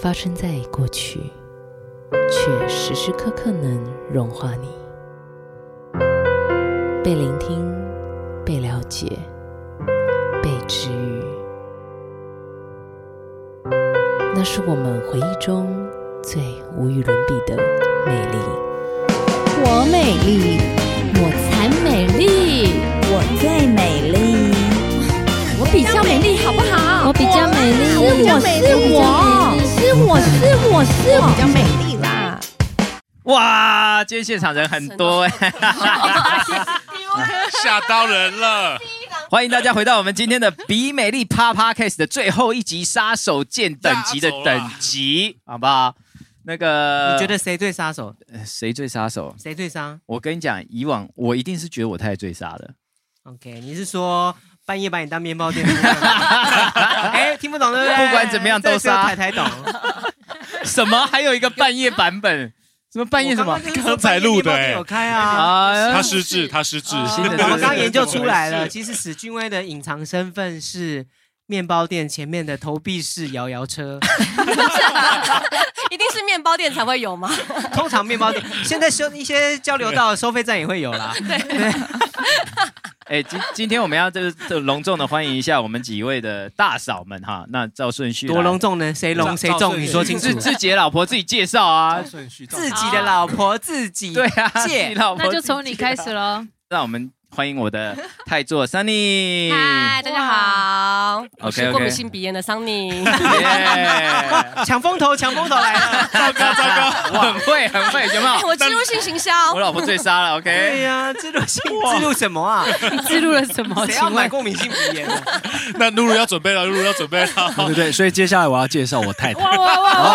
發生在過去，卻時時刻刻能融化你，被聆聽，被了解，被治癒。那是我們回憶中最無與倫比的美麗。我美麗，我才美麗，我最美麗， 我比較美麗，好不好？比較美麗，我是我，你是我是我是比較美麗啦！哇，今天現場人很多，欸，嚇、 啊啊，到人了！ 歡迎大家回到我們今天的《比美麗趴趴 cast》的最後一集《殺手見等級的等級》，好不好？那個你覺得誰最殺手？誰最殺手？誰最殺？我跟你講，以往我一定是覺得我太太最殺的。OK，你是說？半夜把你當面包店的，哎、 啊欸，聽不懂的不，不管怎麼樣都是啊，太太懂。什麼？還有一個半夜版本？什麼半夜什麼？剛才錄的有開啊，啊，啊？他失智，他失智。我剛研究出來了，其實史俊威的隱藏身份是面包店前面的投幣式搖搖車。 一定是面包店才會有嗎？通常面包店現在收一些交流道收費站也會有啦。對。對 誒，今今天我們要就是隆重的歡迎一下我們幾位的大嫂們哈。那照順序，多隆重呢？誰隆誰重？你說清楚。 自己的老婆自己介紹啊，自己的老婆 自己對 啊，介紹。那就從你開始嘍。讓我們。歡迎我的太座 Sunny，嗨，Hi, 大家好，我是過敏性鼻炎的 Sunny，okay, okay. yeah, 搶風頭，搶風頭來了，糟糕糟糕，很會很會，有沒有？欸、我置入性行銷，我老婆最殺了，OK，哎呀，置入、啊、性，置入什麼啊？置入了什麼誰請問？誰要買過敏性鼻炎？ 那露露要準備了，露 露要準備了，對不對，所以接下來我要介紹我太太，哇哇哇，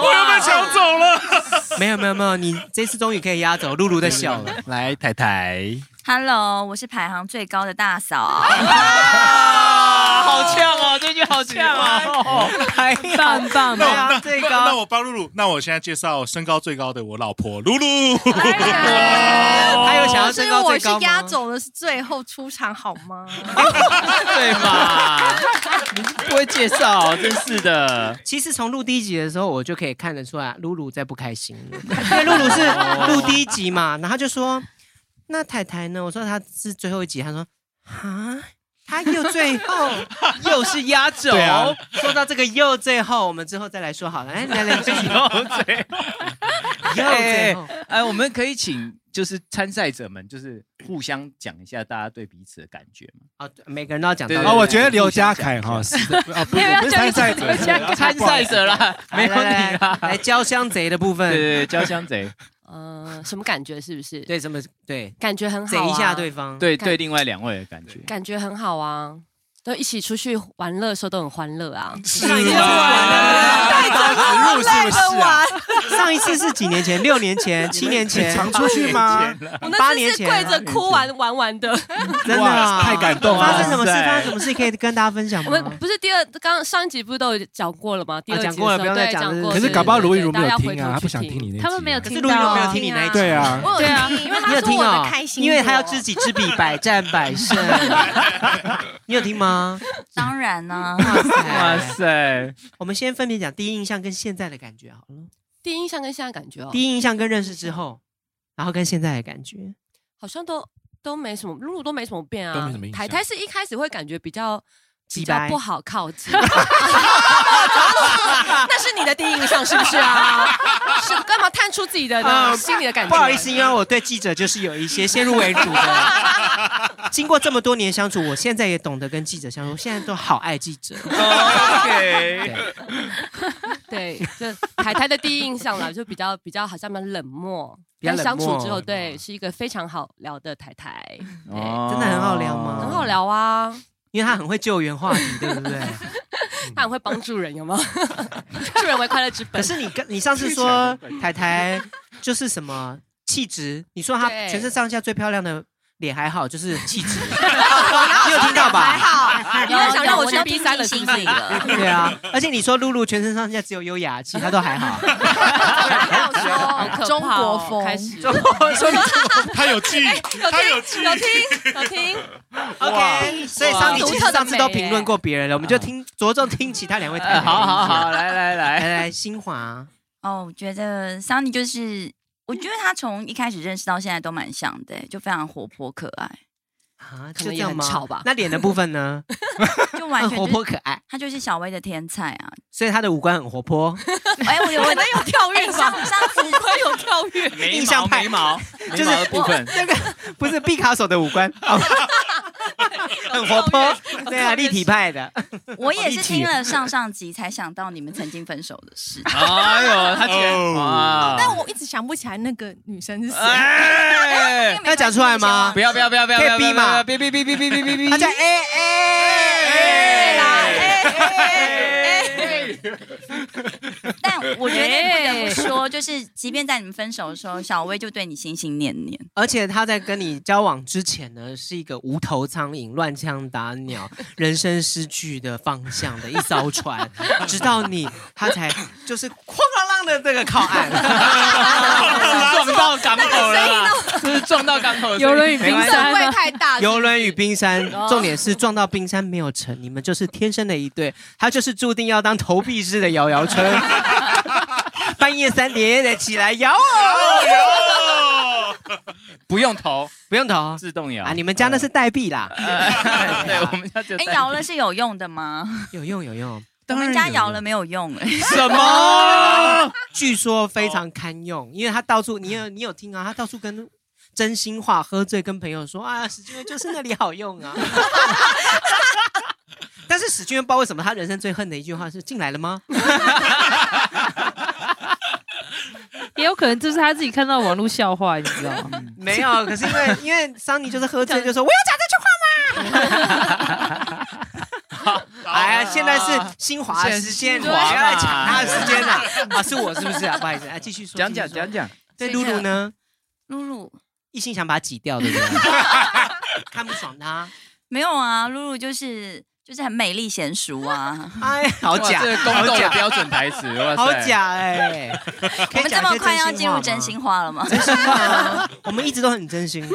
我又被搶走了。 沒有沒有沒有，你這次終於可以壓走露露的笑了，來抬抬，太太 Hello，我是排行最高的大嫂，啊、哇好嗆哦，這句好嗆啊，嗯還！棒棒的，最高。那，那，那我幫露露。那我現在介紹身高最高的我老婆露露，哎 哎。還有想要身高最高。所以我是壓軸的是最後出場，好嗎？ 對嘛吧？ 是不會介紹，啊，真是的。 其實從錄第一集的時候，我就可以看得出來露露在不開心。 因為露露是錄第一集嘛，然後就說。那太太呢？我說他是最後一集，他說啊，他又最後 又是壓軸、啊。說到這個又最後，我們之後再來說好了。哎，你來來，最後最後嘴 又最後，哎，我們可以請。就是參賽者們，就是互相講一下大家對彼此的感覺嘛。啊、哦，每個人都要講。啊、哦，我覺得劉家凱哈是啊、 哦，不是參賽參賽者了 者， 沒問題來，來，來， 來交相賊的部分，對對，對，交相賊。嗯、 呃，什麼感覺？是不是？對，什麼對？感覺很好、啊。誰一下對方。對對，另外兩位的感覺感。感覺很好啊，都一起出去玩樂的時候都很歡樂啊。是啊。 入室的事，上一次是幾年前， 六年前、 七年前，常出去嗎？八年前跪着哭完玩玩的，真的、啊、太感動了發。啊、發，生發生什麼事？發生什麼事可以跟大家分享嗎？我們不是第二，剛剛上一集不是都講過了嗎？第二集講、啊、過了，不要再講，可是搞不好盧易如沒有聽，啊，沒有聽啊，他不想聽你那。他，你那啊、他們沒有聽，盧、啊、沒有聽你那一對啊，對啊，因為他說我的開心，因為他要知己知彼，百戰百勝。你有聽嗎、哦？當然呢。哇塞，我們先分別講第一印象。跟現在的感覺好了，第一印象跟現在的感覺哦，第一印象跟認識之後、嗯，然後跟現在的感覺，好像都都沒什麼，路，路都沒什麼變啊，都沒什麼印象。台台是一開始會感覺比較比較不好靠近， 啊、那是你的第一印象是不是啊？是幹嘛探出自己的那種心理的感覺、啊嗯？不好意思，因為我對記者就是有一些先入為主的。經過這麼多年相處，我現在也懂得跟記者相處，我現在都好愛記者。 OK 對。 對，就台台的第一印象啦，就比較比較好像比較冷漠，比較冷漠，但相處之後，對，是一個非常好聊的台台。哦，真的很好聊嗎？很好聊啊，因為他很會救援話題， 對不對？嗯、他很會幫助人，有嗎？ 助人為快樂之本。可是你跟你上次說台台就是什麼氣質？你說他全身上下最漂亮的。對臉還好，就是氣質。 哦、你有聽到吧？還好，你又想讓我去 P 三了，是不是？對啊，而且你說露露全身上下只有優雅，其他都還好。好 凶、 哦，好中國風開始。中國風。他有氣，他有氣， 有聽，有聽。 OK，所以桑尼其實上次都評論過別人了、啊，我們就聽着重聽其他兩位、呃。好，好，好，來,來，來， 來,來，來，新華。哦，我覺得桑尼就是。我覺得他從一開始認識到現在都蠻像的、欸，就非常活潑可愛啊就這樣嗎？可能也很吵吧？那臉的部分呢？ 就完全、就是、很活潑可愛，他就是小薇的天才啊。所以他的五官很活潑。哎、欸，我有可能有跳躍，像五官有跳躍，沒印象，眉毛 就是這、 那個不是畢卡索的五官。 很活潑，對啊，立體派的。我也是聽了上上集才想到你們曾經分手的事。 啊、哎呦，他哇、哦嗯！但我一直想不起來那個女生是誰。要、哎啊、講出來嗎？不要不要不要不要不要！別逼嘛！別別別別別別別！ 他叫 A A A A A。欸欸欸欸 嗯、我覺得不得不說，欸，就是即便在你們分手的時候，小薇就對你心心念念。而且他在跟你交往之前呢，是一個無頭蒼蠅、亂槍打鳥、人生失去的方向的一艘船。啊、直到你他才就是哐啷啷的，這個靠岸， 撞到港口了，那個，就是撞到港口的時候。遊輪與、與冰山，不會太大。遊輪與冰山，重點是撞到冰山沒有成。你們就是天生的一對，他就是注定要當投幣式的搖搖車。 半夜三點也得起來搖哦，搖、哦！不用投，不用投，自動搖啊！你們家那是代幣啦。呃、對，對，對、啊，我們家就。哎，搖了是有用的嗎？有用，有用。我們家搖了沒有用、欸有。什麼？ 據說非常堪用，因為他到處你有你有聽啊，他到處跟真心話喝醉跟朋友說啊，史俊威就是那裡好用啊。 但是史俊威不知道為什麼他人生最恨的一句話是進來了嗎？ 也有可能就是他自己看到網絡笑話，你知道嗎？嗯、沒有，可是因為因為桑尼就是喝醉就說我有講這句話嗎、？ 啊？哎呀，現在是新華，現在是新華，不要搶，他的時間啊？啊，是我是不是啊？不好意思，來、啊、繼續說，講講講講，對露露呢？露露一心想把他擠掉對不對？ 看不爽他、啊。沒有啊，露露就是。就是很美麗賢淑啊，哎，好假，這個、公的標準台詞，好假哎、欸！我們這麼快要進入真心話了嗎,真心話嗎,真心話嗎？我們一直都很真心的，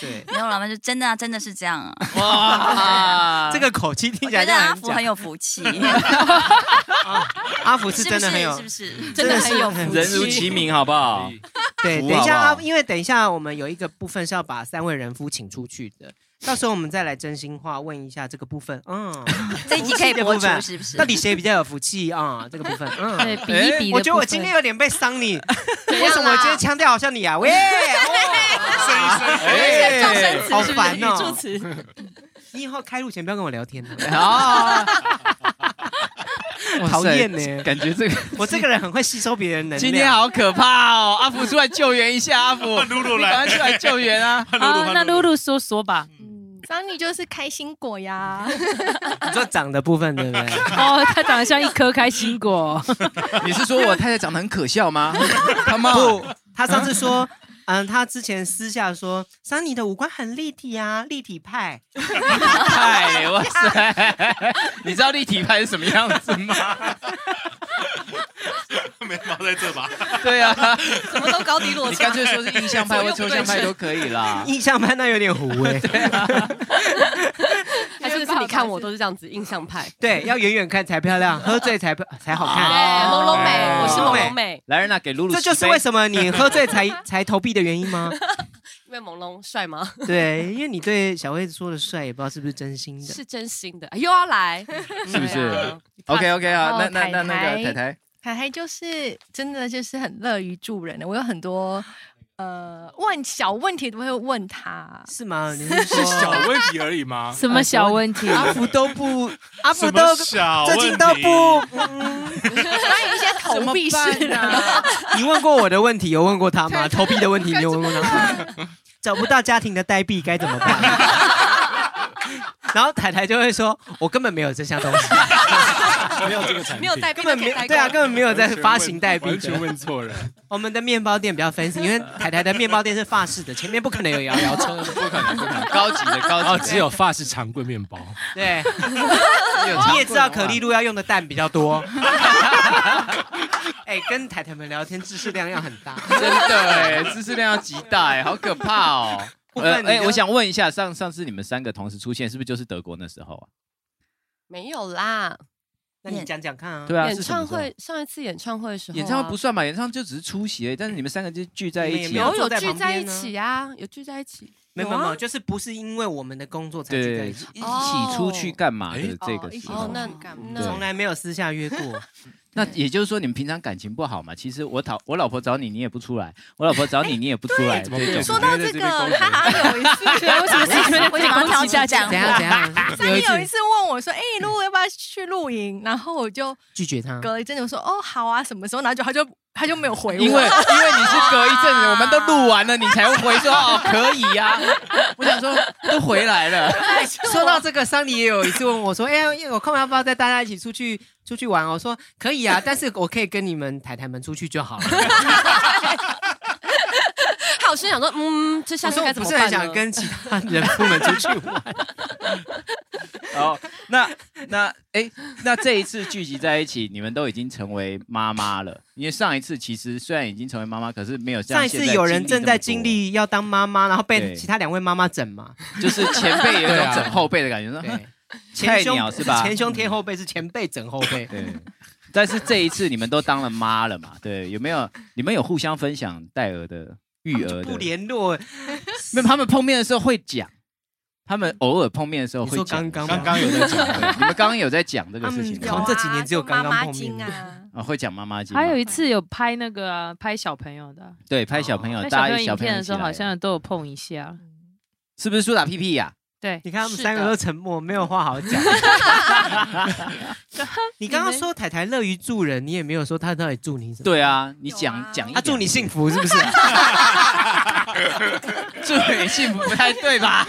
對。沒有老板就真的啊，真的是這樣啊！哇啊，這個口氣聽起來就很假。我覺得阿福很有福氣、 啊。阿福是真的沒有是是，是不是？真的是很真的很有福氣人如其名，好不好？ 對，等一下啊 wow, wow，因為等一下我們有一個部分是要把三位人夫請出去的， 到時候我們再來真心話問一下這個部分，嗯，五 K 的部分， 是不是？到底誰比較有福氣啊？嗯、 這個部分，嗯，對，比一比、欸，我覺得我今天有點被傷你， 為什麼我覺得腔調好像你啊？喂， 好煩哦。 哎、 煩哦 你以後開錄前不要跟我聊天啊！ 討厭呢，感覺這個 我這個人很會吸收別人的能量。今天好可怕哦，喔，阿 福，啊，出來救援一下，阿，啊，福，趕快出來救援啊！滷滷滷滷那露露說說吧，張、嗯、你就是開心果呀。 你說長的部分對不對？ 哦，他長得像一顆開心果。 你是說我太太長得很可笑嗎？他 媽不，他上次說。啊嗯嗯，他之前私下說，桑妮的五官很立體啊，立體派。立體派，哇塞！你知道立體派是什麼樣子嗎？ 眉毛在這吧？對呀、啊，什麼都高低落。你乾脆說是印象派或抽象派都可以啦。 印象派那有點糊哎、欸。 還是不是？你看我都是這樣子，印象派。 對，要遠遠看才漂亮，喝醉才才好看。朦朧美，我是朦朧美。來人吶、啊，給露露。這就是為什麼你喝醉才才投幣的原因嗎？ 被朦朧帥嗎？對，因為你對小薇說的帥，也不知道是不是真心的。是真心的，又要來， 是不是 ？OK OK 啊，那那那那，那，那個太太凱凱就是真的就是很樂於助人的。我有很多。呃，問小問題都會問他，是嗎你？是小問題而已嗎？什麼小問題？阿、啊、福都不，阿福、啊、都最近都不嗯關於有一些投幣式的。你問過我的問題有問過他嗎？投 幣的問題你有問過他嗎？嗎 找不到家庭的代幣該怎麼辦？ 然後太太就會說：“我根本沒有這項東西， 沒有這個產品，沒有代幣，根本沒對啊，根本沒有在發行代幣，完全問，完全問錯了。我們的麵包店比較 fancy， 因為太太的麵包店是法式的，前面不可能有搖搖車， 太太不可能有搖搖， 不可能搖搖，高級的，高級，高級，哦，只有法式長棍麵包。對， 你也知道可麗露要用的蛋比較多。哎、 欸，跟太太們聊天，知識量要很大， 真的，哎，知識量要極大，哎，好可怕哦。”哎，我想問一下，上上次你們三個同時出現，是不是就是德國那時候啊？沒有啦，那你講講看啊。對啊，演唱會上一次演唱會的時候、啊，演唱會不算嘛，演唱就只是出席、欸，但是你們三個就聚在一起，有有聚在一起啊？有聚在一起？沒有，沒有，、啊、沒有，沒有，沒有沒有，就是不是因為我們的工作才聚在一起，啊、一起出去幹嘛的這個時候哦哦？哦，那，那，那從來沒有私下約過。 那也就是說，你們平常感情不好嘛？其實我討我老婆找你，你也不出來；我老婆找你，欸、你也不出來。對，說到這個，這他好像有一次， 覺得我先我先空調下講怎樣怎樣？你有一次問我說：“哎、欸，如果要不要去露營？”然後我就，就拒絕他。隔一陣子我說：“哦，好啊，什麼時候？”然後就他就。他就沒有回我，因為因為你是隔一陣子、啊、我們都錄完了，你才會回說哦，可以呀、啊。 我想說都回來了。 說到這個，桑 尼也有一次問我說，哎、 欸，我空了要不要帶大家一起出去出去玩、哦，我說可以啊，但是我可以跟你們 太太們出去就好了。 我想說，嗯，這下次該怎麼辦？我是不是很想跟其他人不能出去玩。 好，那那哎、欸，那這一次聚集在一起，你們都已經成為媽媽了。因為上一次其實雖然已經成為媽媽，可是沒有。上一次有人正在經歷要當媽媽，然後被其他兩位媽媽整嘛。就是前輩有一種整後輩的感覺，說前胸是吧？前胸貼後背是前輩整後輩。對。但是這一次你們都當了媽了嘛？對，有沒有？你們有互相分享帶兒的？育兒的不聯絡。 沒有，那他們碰面的時候會講，他們偶爾碰面的時候會講。剛剛，剛剛有在講， 你們剛剛有在講這個事情，可能這幾年只有剛剛碰面啊，媽媽經啊、哦、會講媽媽經，還有一次有拍那個、啊、拍小朋友的，對，拍小朋友，哦、大家拍小朋友影片的時候好像都有碰一下，嗯、是不是蘇打屁屁呀？、啊？對，你看他們三個都沉默，沒有話好講。 你剛剛 說太太樂於助人，你也沒有說他到底助你什麼。對啊，你講、啊、講一。他、啊、祝你幸福是不是、啊？ 祝你幸福不太對吧？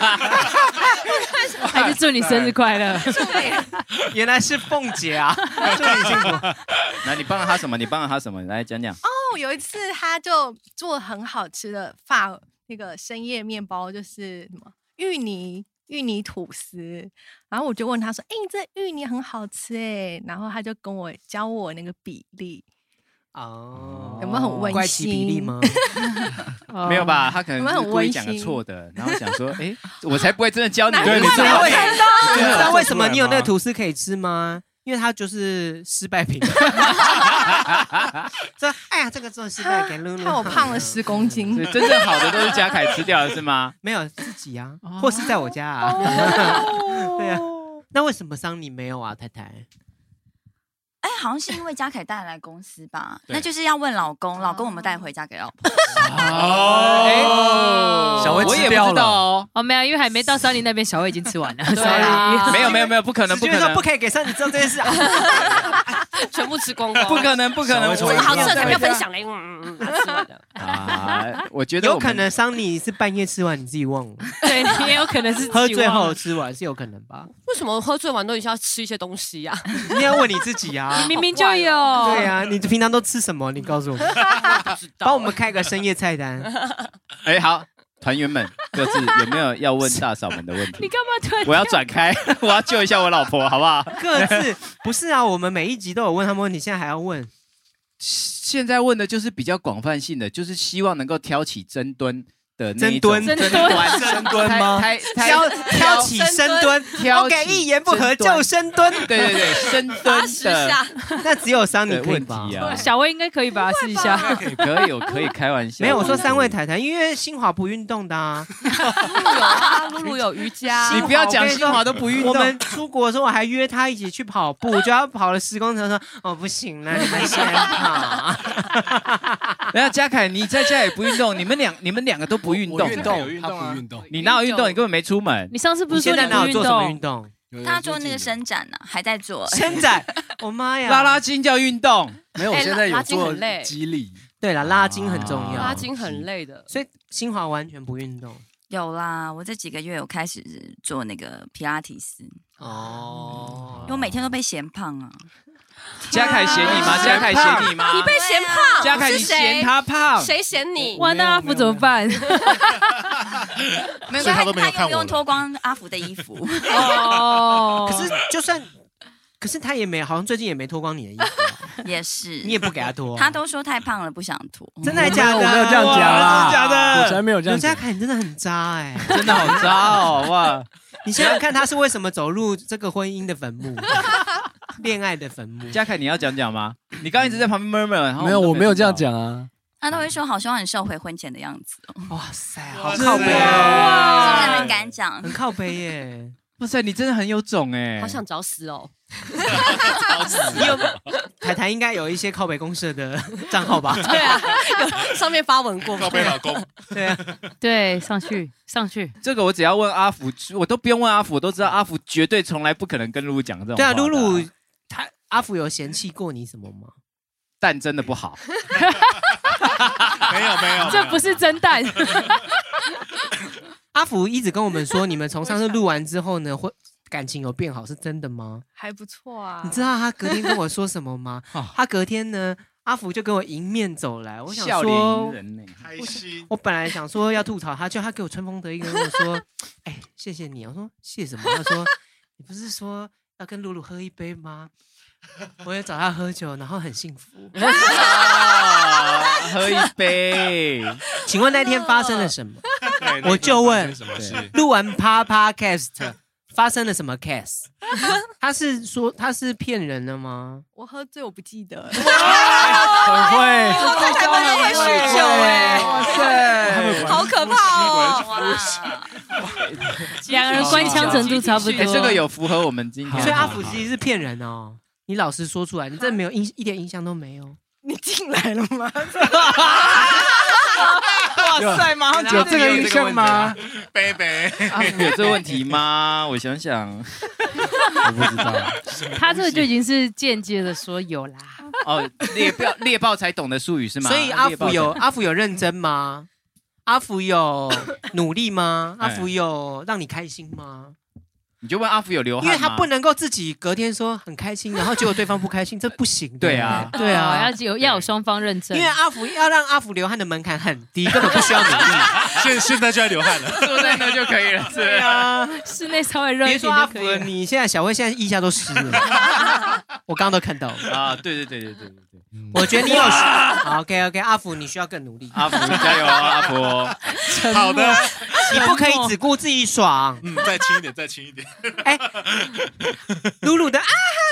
還是祝你生日快樂。 祝你， 原來是鳳姐啊！ 祝你幸福。那 你幫了他什麼？你幫了他什麼？來講講。哦、oh,，有一次他就做很好吃的發那個深夜麵包，就是什麼芋泥。芋泥吐司，然後我就問他說：“哎、欸，你這芋泥很好吃、欸、然後他就跟我教我那個比例哦，oh, 有沒有很問心比例、 oh, 沒有吧，他可能我很關講個錯的，有有 然後想說：“哎、欸，我才不會真的教你， 對，你知道, 你知道 為什麼你有那個吐司可以吃嗎？”因為他就是失敗品。 這哎呀，這個真失敗，給露露看，我胖了十公斤， 對，真正好的都是家凱吃掉的是嗎？ 沒有自己啊，或是在我家啊， 對啊，那為什麼桑尼沒有啊，太太？哎、欸，好像是因為嘉凱帶來公司吧？那就是要問老公，老公我們帶回家給老婆。哦，小薇吃掉了哦，欸、我也不知道哦，沒有，因為還沒到三林那邊，小薇已經吃完了。 對啊，所以就是、沒有沒有沒有，不可能，就是說不可以給三林知道這件事、啊。 全部吃光光、啊，不可能，不可能，我什麼好吃的才要分享嘞？嗯嗯嗯，的、啊。吃 啊，我覺得我有可能。桑尼是半夜吃完你自己忘了， 對，你也有可能是，喝醉，是可能 喝醉後吃完是有可能吧？為什麼喝醉完都一定要吃一些東西呀、啊？你要問你自己、啊、 你明明就有，對啊，你平常都吃什麼？你告訴我們，幫 我、欸、我們開個深夜菜單。哎、 欸，好。團員們各自有沒有要問大嫂們的問題？你干嘛推？我要轉開，我要救一下我老婆，好不好？各自不是啊，我們每一集都有問他們問題，現在還要問？現在問的就是比較廣泛性的，就是希望能夠挑起爭端。的深蹲，深蹲，深蹲嗎？挑挑起深蹲起，OK，一言不合就深蹲。對對對，深蹲的。那只有三位問題啊。小薇應該可以吧？試一下。可以有可,可以開玩笑。沒有，我說三位太太，因為新華不運動的啊。露露 有啊，露露有瑜伽。 你不要講新華都不運動。我,我們出國的時候我還約他一起去跑步，就 果跑了十公里，說 ：“哦，不行了，你們先跑。 ”然後家凱你在家也不運動，你們兩你們兩個都。不運動，我運動、啊，他不運動。你哪有運動、啊？你根本沒出門。你上次不是說你哪有做什麼運動？你動他,他做那個伸展呢、啊，還在做。伸展， 我媽呀！拉拉筋叫運動，沒 有、欸。我現在有做肌力。對啦，拉筋很重要。啊、拉筋很累的，所以新華完全不運動。有啦，我這幾個月有開始做那個皮拉提斯。哦，嗯、因為我每天都被嫌胖啊。家凱嫌你嗎？家凱、啊、凱嫌你嗎？你被嫌胖。家、啊、凱是嫌他胖。誰，誰嫌你？我的阿福怎麼辦？沒有沒有 所以他都不用脫光阿福的衣服。哦。可是就算，可是他也沒，好像最近也沒脫光你的衣服。 也是。你也不給他脫。 他都說太胖了，不想脫。嗯、真的假的？我沒有這樣講啦、啊。真的假的？我才沒有這樣講。劉家凱你真的很渣哎、欸，真的好渣、哦，好 哇你想想看，他是為什麼走入這個婚姻的墳墓、戀 愛的墳墓？嘉凱，你要講講嗎？ 你剛剛一直在旁邊 murmur，沒有，我沒有這樣講啊。那他都會說，好希望你瘦回婚前的樣子、哦。哇塞，好靠北、啊、哦！真的敢講，很靠北耶。 哇塞，你真的很有種哎！好想找死哦。 你有台台應該有一些靠北公社的賬號吧？對啊，有上面發文過靠北老公。對啊，對，上去上去。這個我只要問阿福，我都不用問阿福，我都知道阿福絕對從來不可能跟露露講這種。對啊，露露他阿福有嫌棄過你什麼嗎？蛋真的不好。 沒有沒有，這不是真蛋。 阿福一直跟我們說，你們從上次錄完之後呢，會。感情有變好是真的嗎？還不錯啊！你知道他隔天跟我說什麼嗎？ 他隔天呢， 阿福就跟我迎面走來，我想說人、欸我，我本來想說要吐槽他，就他給我春風得意，跟 我說：“哎、欸，謝謝你。”我說：“謝什麼？” 他說：“你不是說要跟露露喝一杯嗎？” 我也找他喝酒，然後很幸福。 啊、喝一杯、啊啊，請問那天發生了什麼？ 什麼事？我就問：什麼事？錄完啪啪 cast 發生了什麼 case？他是說他是騙人的嗎？我喝醉，我不記得。 哦、很會，太、哦、會了，會酗酒哎，哇塞、哦，好可怕哦！兩個人官腔程度差不多、欸，這個有符合我們今天。所以阿福其實是騙人哦，你老實說出來，你真的沒有印、啊、一點印象都沒有。你進來了嗎？ 有這個印象嗎，Baby？有，有這個、啊、有這個問題嗎？我想想，我不知道。他這個就已經是間接的說有啦。哦，獵豹獵豹才懂得術語是嗎？所以阿福有阿福有認真嗎？阿福有努力嗎？阿福有讓你開心嗎？你就問阿福有流汗，因為他不能夠自己隔天說很開心， 然後結果對方不開心， 這不行對。對啊，對啊，要、哦、有要有雙方認證。因為阿福要讓阿福流汗的門檻很低， 根本不需要努力， 現在現在就要流汗了，坐在那就可以了。對啊，對啊，室內稍微熱一點就可以。別說阿福了， 你現在小威現在腋下都濕了， 我剛剛都看到了。啊，對對對對對，對。 我覺得你有 好，OK OK，阿福你需要更努力，阿福加油啊，阿福， 好的，你不可以只顧自己爽，嗯，再輕一點，再輕一點，哎、欸， 露露的啊，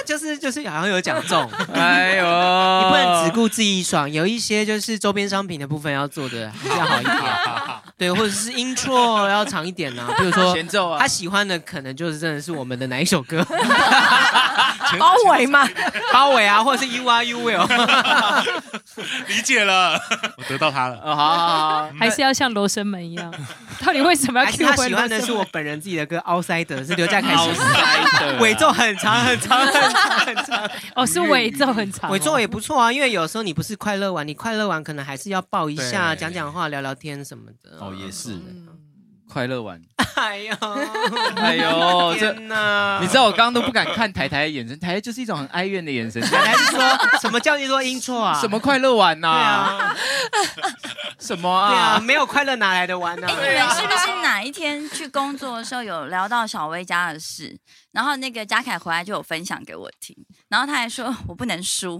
就是就是好像有講中，哎呦， 你不能只顧自己爽，有一些就是周邊商品的部分要做的比較好一點，好好好對，或者是音 o 要長一點呢、啊，比如說，他、啊啊、喜歡的可能就是真的是我們的哪一首歌，包 圍嗎？包圍啊，或者是 You Are You Will。 理解了， 我得到他了、哦。好，好，好，好嗯、還是要像羅生門一樣。 到底為什麼要？他喜歡的是我本人自己的歌《Outsider》，是劉家凱寫的。尾奏很長，很長，很長，很長。很長 哦，是尾奏很長、哦。尾奏也不錯啊，因為有時候你不是快樂玩，你快樂玩可能還是要抱一下、講講話、聊聊天什麼的。哦、oh,，也是。嗯快樂玩，哎呦， 哎呦，真的。你知道我剛剛都不敢看台台的眼神， 台台就是一種很哀怨的眼神。台 台是說不是，什麼叫你落音錯啊？什麼快樂玩啊， 什麼啊，啊？沒有快樂哪來的玩呢、啊欸？你們是不是哪一天去工作的時候有聊到小薇家的事？然後那個嘉凱回來就有分享給我聽，然後他還說我不能輸，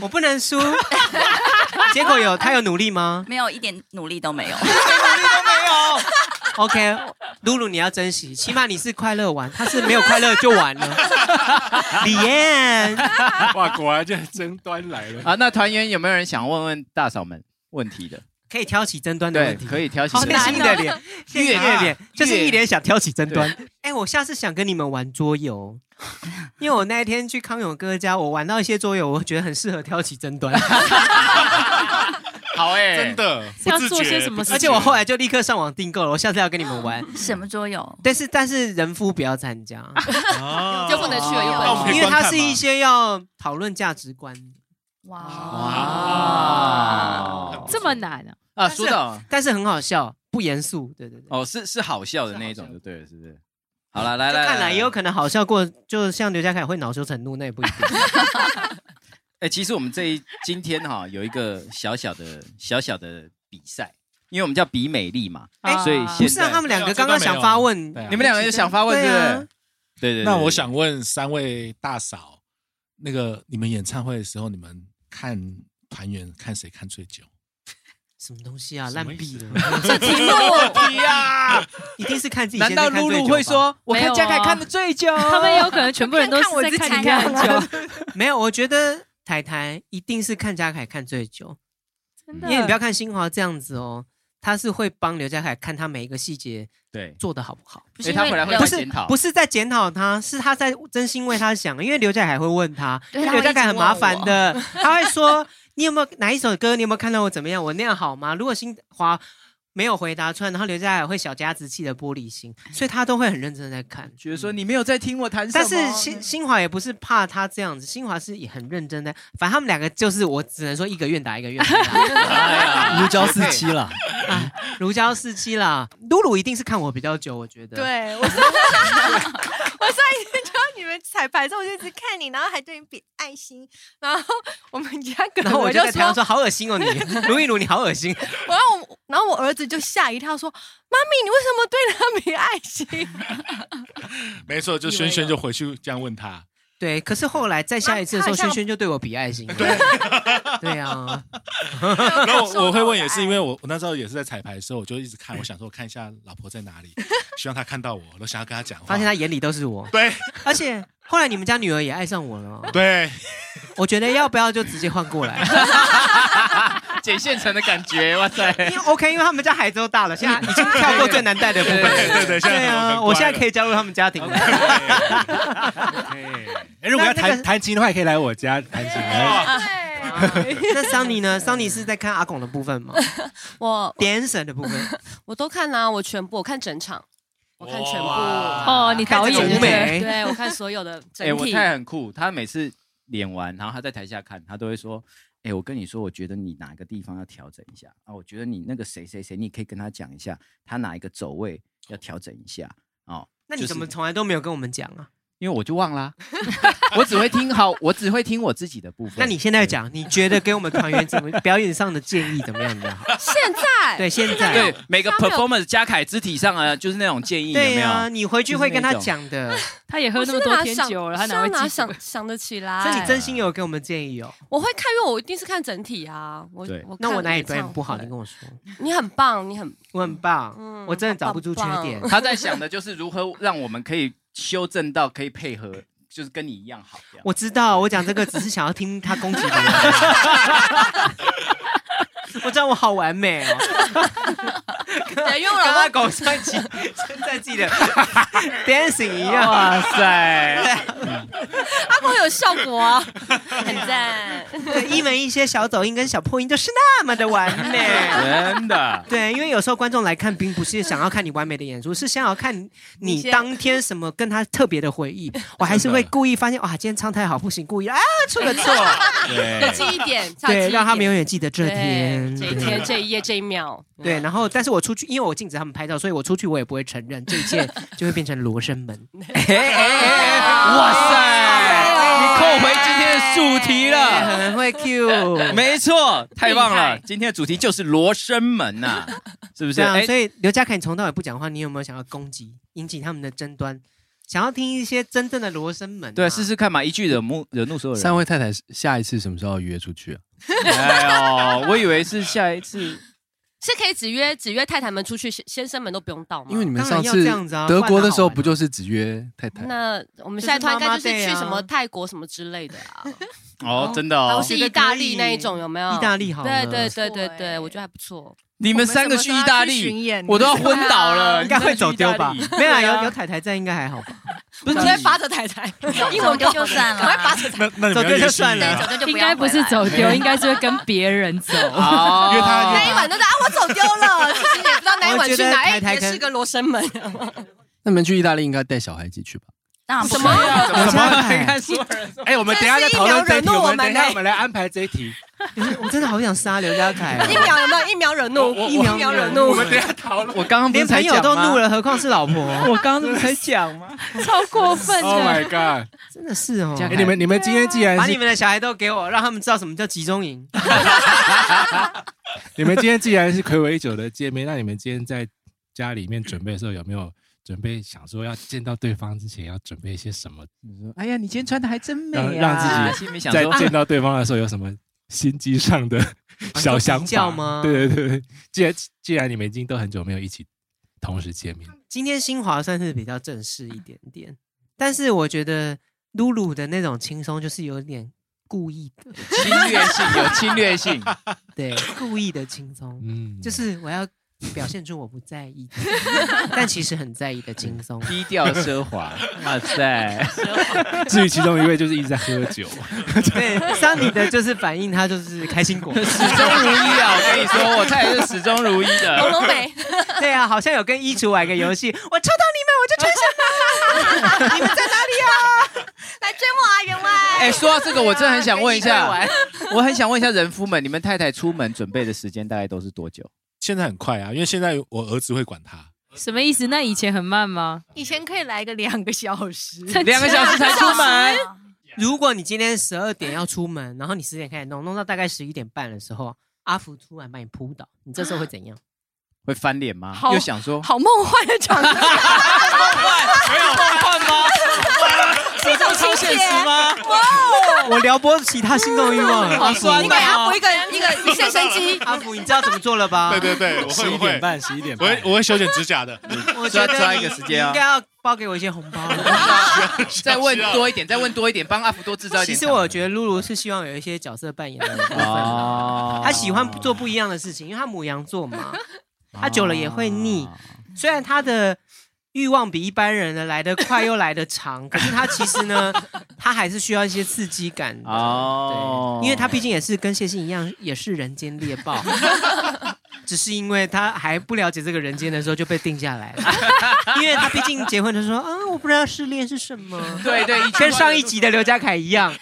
我不能輸。 結果有他有努力嗎？沒有，一點努力都沒有，一點努力都沒有。OK，露露你要珍惜，起碼你是快樂玩，他是沒有快樂就完了。李 嫣哇，果然這爭端來了啊！那團員有沒有人想問問大嫂們問題的？可以挑起爭端的問題，對可以挑起爭端。好難、喔、的臉，越 臉、啊、就是一臉想挑起爭端。哎、欸，我下次想跟你們玩桌遊， 因為我那一天去康永哥家，我玩到一些桌遊，我覺得很適合挑起爭端。 好哎、欸，真的是要做些什麼事？事。而且我後來就立刻上網訂購了。我下次要跟你們玩 什麼桌遊？但是但是人夫不要參加， 就不能去了，因為因為它是一些要討論價值觀。哇，哇，哇，哇，這麼難啊！啊，是說到，但是很好笑，不嚴肅。對對對，哦，是是好笑的那一種就對了，是不是？是好了、嗯，來來，來，來，來，看來也有可能好笑過，就像劉家凱會惱羞成怒，那也不一定。 哎、欸，其實我們這一今天哈有一個小小的小小的比賽，因為我們叫比美麗嘛，哎、欸，所以不是讓、啊、他們兩個剛剛想發問，啊、你們兩個也想發問，對，對是不是對、啊？對對，對。那我想問三位大嫂，那個你們演唱會的時候，你們看團員看誰看最久？什麼東西啊？爛斃、啊！這 題目我提 啊！一定是看自己看。難道露露會說、啊、我看家凱看的最久？ 他們也有可能全部人都試試看我自己看很久。 沒有，我覺得。台台一定是看家凱看最久，真的。因為你不要看新華這樣子哦，他是會幫劉家凱看他每一個細節，對，做得好不好？所以他回來會不是，是不是在檢討他，是他在真心為他想。因為劉家凱會問他，劉家凱很麻煩的，他會說：“你有沒有哪一首歌？你有沒有看到我怎麼樣？我那樣好嗎？”如果新華。沒有回答出來，然後留下來會小家子氣的玻璃心，所以他都會很認真在看，覺得說你沒有在聽我談、嗯。但是新新華也不是怕他這樣子，新華是也很認真的。反正他們兩個就是，我只能說一個願打一個願挨、 啊。如膠似漆了，如膠似漆了。露露一定是看我比較久，我覺得。對，我算上 我算一天就。你們彩排之後我就一直看你，然後還對你比愛心，然後我們家可能我就在台上說好惡心哦，你，你 魯一魯你好惡心。然後我，然後我兒子就嚇一跳說：“媽咪，你為什麼對他比愛心？” 沒錯，就軒軒就回去這樣問他。對，可是後來再下一次的時候，軒、啊、軒就對我比愛心。對呀。對 對啊、 然後我，我會問，也是因為我我那時候也是在彩排的時候，我就一直看，我想說我看一下老婆在哪裡， 希望她看到我，我都想要跟她講話，發現她眼裡都是我。對，而且後來你們家女兒也愛上我了。對， 我覺得要不要就直接換過來。 撿現成的感覺，哇塞！OK，因為他們家孩子都大了，現在已經跳過最難帶的部分了 對對對。對對對，對啊，我現在可以加入他們家庭了。了、okay, okay, okay. okay. 欸。如果要彈彈琴的話，可以來我家彈琴。那 s、 欸啊 啊啊、Sunny 呢 s Sunny 是在看阿龔的部分嗎？ 我 Dancer 的部分， 我都看啦、啊，我全部，我看整場，我看全部。哦，你導演看、欸、對，我看所有的整體。哎、欸，我太很酷，他每次演完，然後他在台下看，他都會說。哎、欸，我跟你說，我覺得你哪個地方要調整一下啊。我覺得你那個誰誰誰，你可以跟他講一下，他哪一個走位要調整一下哦。那你怎麼從來都沒有跟我們講啊？因為我就忘了、啊， 我只會聽好， 我只會聽我自己的部分。那你現在講，你覺得給我們團員怎麼 表演上的建議怎麼樣好？怎 現在對現在對每個 performance 家凱肢體上啊，就是那種建議有沒有？啊、你回去會跟他講的、就是呃。他也喝那麼多天酒了、呃呃，他哪會想想得起來、啊？所以你真心有給我們建議哦。我會看，因為我一定是看整體啊。我對我看那我哪裡表演不好？你跟我說。你很棒，你很、嗯、我很棒、嗯，我真的找不出缺點棒棒。他在想的就是如何讓我們可以。 修正到可以配合，就是跟你一樣好樣。我知道，我講這個只是想要聽他攻擊別人。 我知道我好完美哦。 跟，我公跟阿狗 在記在記 dancing 一樣。哇塞， 阿狗有效果啊，很讚。 對，因為一些小走音跟小破音都是那麼的完美， 真的。對，因為有時候觀眾來看，並不是想要看你完美的演出，是想要看你當天什麼跟他特別的回憶。我還是會故意發現，哇，今天唱太好不行，故意啊出個錯， 對，有記憶點，對，讓他們永遠記得這天。這一天，這一夜，這一秒，對，然後，但是我出去，因為我禁止他們拍照，所以我出去，我也不會承認，這一件就會變成羅生門。哎哎、哇塞，哎哇塞哎，你扣回今天的主題了，哎哎、很會 cue，沒錯，太棒了，今天的主題就是羅生門吶，啊，是不是？啊？所以劉家凱，你從頭也不講話，你有沒有想要攻擊，引起他們的爭端？想要聽一些真正的羅生門、啊，對，試試看嘛，一句惹怒惹怒所有人。三位太太下一次什麼時候約出去啊？哎、 哦、我以為是下一次， 是可以只約只約太太們出去，先生們都不用到嗎？因為你們上次德國的時候不就是只約太太？啊啊、那我們下一次應該就是去什麼泰國什麼之類的啊？就是、媽媽啊 哦，真的哦，都、啊、是意大利那一種有沒有？意大利好，對對對對對，我覺得還不錯。你們三個去意大利，我，要巡演我都要昏倒了，啊。應該會走丟吧？沒有啊，啊，有有台台在，應該還好吧？不是，只會扒着台台。英文歌就算了，趕快扒着台台。走丟就，就算、啊、台台算了就就，應該不是走丟，應該是會跟別人走。因、哦、為 那一晚都在啊，我走丟了， 不知道那一晚去哪 台台。一也是個羅生門。那你們去意大利應該帶小孩一起去吧？什麼什麼？哎、欸，我們等一下再討論，我們我們等下我們等下我們來安排這一題。欸、我真的好想殺劉家凱。一秒有沒有一秒惹怒？一秒惹怒？我, 我們等下討論。我剛剛不是才講嗎？連朋友都怒了，何況是老婆？ 我剛剛不是才講嗎？我剛剛嗎 超過分的。Oh my god！ 真的是哦。欸、你們你們今天既然把你們的小孩都給我，讓他們知道什麼叫集中營。 你們今天既然是暌違已久的見面，那你們今天在家裡面準備的時候有沒有？準備想說要見到對方之前要準備一些什麼？你說，哎呀，你今天穿的還真美啊！讓自己在見到對方的時候有什麼心機上的小想法嗎？對對對，既然既然你們已經都很久沒有一起同時見面，今天新華算是比較正式一點點，但是我覺得露露的那種輕鬆就是有點故意的侵略性，有侵略性，對，故意的輕鬆，嗯，就是我要。表現出我不在意， 但其實很在意的輕鬆低調奢華，哇、 啊、塞！ 至於其中一位就是一直在喝酒， 對，像 你的就是反應他就是開心果， 始終如一啊！ 我跟你說，我太太是始終如一的。朦朧美， 對啊，好像有跟衣櫥玩個遊戲，我抽到你們，我就穿什 你們在哪裡啊？ 來追我啊，員外！哎、 欸，說到這個，我真的很想問一下， 一堆 我很想問一下人夫們，你們太太出門準備的時間大概都是多久？現在很快啊，因為現在我兒子會管他。什麼意思？那以前很慢嗎？以前可以來個兩個小時，兩個小時才出門。 如果你今天十二點要出門，然後你十點開始弄，弄到大概十一點半的時候，阿福突然把你撲倒，你這時候會怎樣？會翻臉嗎？又想說，好夢幻的場景啊，夢 幻，沒有夢幻嗎？ 這種超現實嗎？哇、哦！我撩撥其他心動欲望了，好酸、哦、啊！阿福一個一個一線生機、啊，阿福你知道怎麼做了吧？對對對，十一點半，十一點半，我會我會修剪指甲的，我抓抓一個時間啊！應該要包給我一些紅包、啊再，再問多一點，再問多一點，幫阿福多製造一點。其實我覺得露露是希望有一些角色扮演的部分啊，她喜歡做不一樣的事情，因為她牡羊座嘛，她久了也會膩，雖然她的欲望比一般人的來得快又來得長，可是他其實呢，他還是需要一些刺激感哦，對，因為他畢竟也是跟謝忻一樣，也是人間獵豹， 只是因為他還不了解這個人間的時候就被定下來了， 因為他畢竟結婚的時候 啊，我不知道失戀是什麼，對對，以前上一集的劉家凱一樣，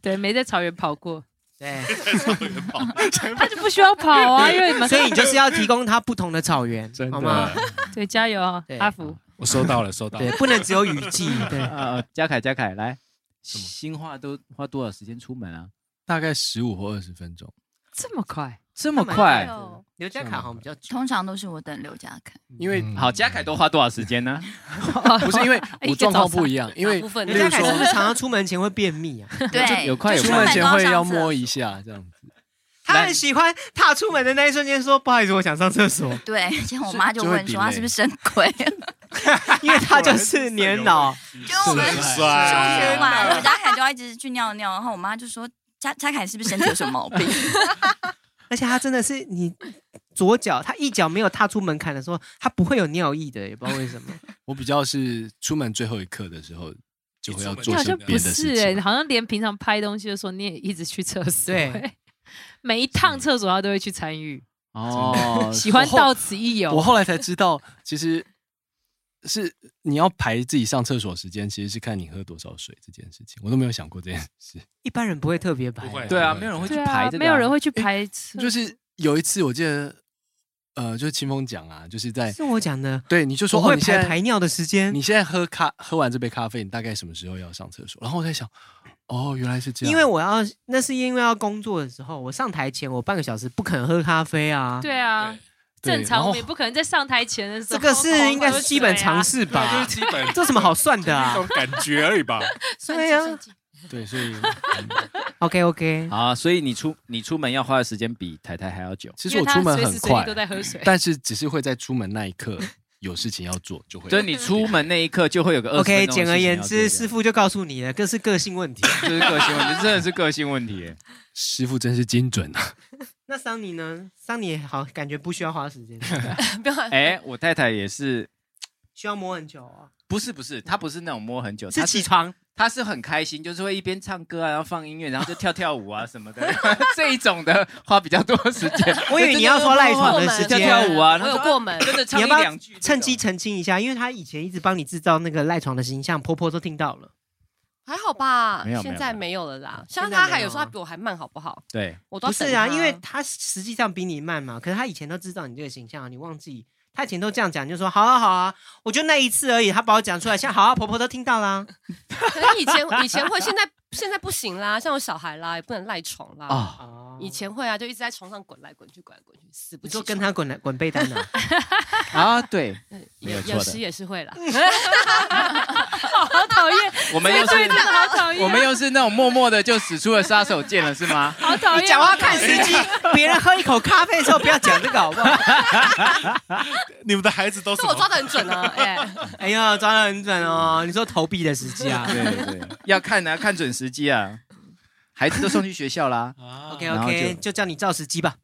對，沒在草原跑過，對，草原跑， 他就不需要跑啊，因為所以你就是要提供他不同的草原，好嗎？對，加油啊，阿福。收到了，收到了。 對，不能只有雨季。 對呃，家凱，家凱，來，新話都花多少時間出門啊？大概十五或二十分鐘。這麼快？這麼快？劉家凱好像比較久。通常都是我等劉家凱。因為、嗯、好，家凱都花多少時間呢、啊？ 不是因為我狀況不一樣，因為劉家凱不是常常出門前會便秘啊？ 對，就有快有快出門前會要摸一下這樣子。他很喜歡踏出門的那一瞬間，說：“不好意思，我想上廁所。”對，然後我媽就問說：“他是不是神鬼？” 因為他就是年老，很帥。我們、啊出啊啊、家凱就要一直去尿尿，然後我媽就說：“家家凱是不是身體有什麼毛病？” 而且他真的是，你左腳他一腳沒有踏出門檻的時候，他不會有尿意的，也不知道為什麼。 我比較是出門最後一刻的時候，就會要做身邊就好像不是情，欸。好像連平常拍東西的時候，你也一直去廁所，欸。對。每一趟廁所，他都會去參與哦，喜歡到此一遊。我後， 我後來才知道，其實是你要排自己上廁所時間，其實是看你喝多少水這件事情。我都沒有想過這件事。 一般人不會特別排、啊對啊，對啊，沒有人會去排，啊啊啊、沒有人會去排。就是有一次，我記得，呃，就是青峰講啊，就是在是我講的，對，你就說我會排排尿的時間你。你現在喝咖，喝完這杯咖啡，你大概什麼時候要上廁所？然後我在想。哦，原來是這樣。因為我要，那是因為要工作的時候，我上台前我半個小時不可能喝咖啡啊。對啊，對對，正常我們也不可能在上台前的時候。這個是、啊、應該是基本常識吧、啊？就是基本，這什麼好算的啊？這種感覺而已吧。 對啊，對，所以。 OK OK，好啊，所以你出你出門要花的時間比台台還要久。其實我出門很快，隨時隨地都在喝水，但是只是會在出門那一刻。 有事情要做就會，所以你出門那一刻就會有個的的 OK，簡而言之，師傅就告訴你了，這是個性問題。這 是個性問題，真的是個性問題。 師傅真是精準、啊、 那桑尼呢？桑尼好，感覺不需要花時間。不要哎，我太太也是需要摸很久啊、哦。不是不是，她不是那種摸很久，是起床。 他是很開心，就是會一邊唱歌，啊，然後放音樂，然後就跳跳舞啊什麼的， 這一種的花比較多時間。 我以為你要說賴床的時間，我跳，跳舞啊，他、啊、有過門，真的。 你要不要趁機澄清一下？因為他以前一直幫你制造那個賴床的形象，婆婆都聽到了。還好吧，現在沒有了啦。啊、像他還有時候比我還慢，好不好？對，我都是啊，因為他實際上比你慢嘛。可是他以前都知道你這個形象，啊，你忘記。他以前都這樣講，就說：“好啊，好啊，我就那一次而已。”他把我講出來，像“好啊”，婆婆都聽到了啊。可 能以前，以前會，現在。現在不行啦，像我小孩啦，也不能賴床啦。Oh. 以前會啊，就一直在床上滾來滾去，滾來滾去，死不起。你說跟他滾來滾被單呢？啊？啊、 哦，對，有有時也是會啦。 好討厭，就是， 我們又是那種默默的就使出了殺手鐧了，是嗎？ 好討討厭厭，講 話看時機，別 人喝一口咖啡的時候不要講這個，好不好？ 你們的孩子都是 我抓得很準哦，啊 欸。哎呀，抓得很準哦。你說投幣的時機啊？ 對對對 要，要看的看準時。時機啊，孩子都送去學校啦。 OK OK，就，就叫你造時機吧。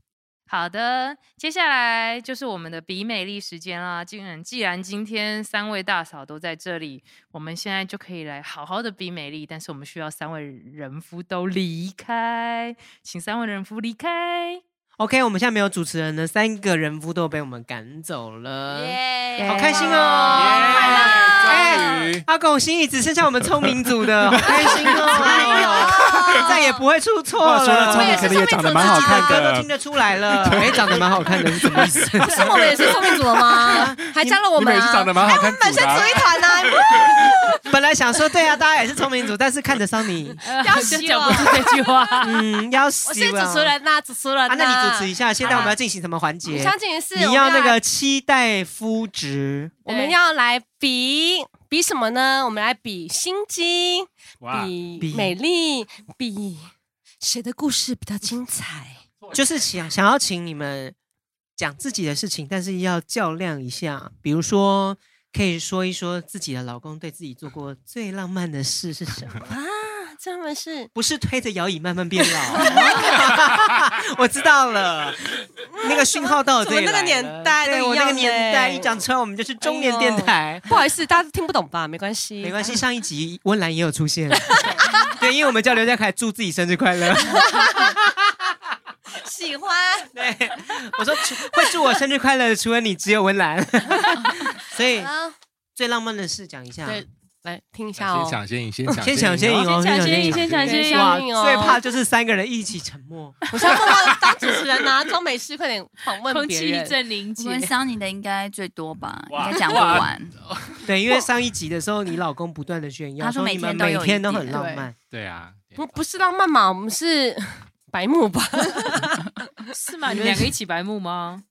好的，接下來就是我們的比美麗時間啦。既然既然今天三位大嫂都在這裡，我們現在就可以來好好的比美麗。但是我們需要三位人夫都離開，請三位人夫離開。OK，我們現在沒有主持人了，三個人夫都被我們趕走了，yeah, 好開心哦！耶、yeah, yeah,！欸、終於，阿狗心義只剩下我們聰明組的，好開心哦！ 哎、 再也不會出錯了。也是聰明組的也長得蠻好看的、啊，歌都聽得出來了。沒、欸、長得蠻好看的是什麼意思？是，是，不是我們也是聰明組的嗎？ 還加了我們嗎、啊啊欸？我們本身追一團吶、啊！ 本來想說，對啊，大家也是聰明族，但是看得上你。 要死，不是這句話。 嗯，要死。我是主持人、啊，那主持人、啊啊。那你主持一下。現在我們要進行什麼環節？好好我想進行是你要,我要那個期待膚值。我們要來比比什麼呢？我們來比心機，比美麗，比誰的故事比較精彩。就是想想要請你們講自己的事情，但是要較量一下，比如說。可以說一說自己的老公對自己做過最浪漫的事是什麼啊？這麼是不是推着搖椅慢慢變老？ 我知道了、啊，那個訊號到我那個年代，欸、對我那個年代一講車，我們就是中年電台、哎。不好意思，大家都聽不懂吧？沒關係，沒關係。上一集溫嵐 也有出現， 對，因為我們叫劉家凱祝自己生日快樂。 喜歡對，我說會祝我生日快樂的， 除了你，只有文蘭。 所以最浪漫的事，講一下，對來聽一下哦。先講，先贏，先講，先贏哦。先先贏，先講，先贏哦、啊喔。最怕就是三個人一起沉默。我想說，當主持人啊，中美事，快點訪問別人。空氣正凝結。我想你的應該最多吧？應該講不完。對，因為上一集的時候，你老公不斷的炫耀，說你們每天都，一天都很浪漫。對，對啊，不不是浪漫嘛，我們是。白目吧？ 是嗎？你們兩個一起白目嗎？嗯？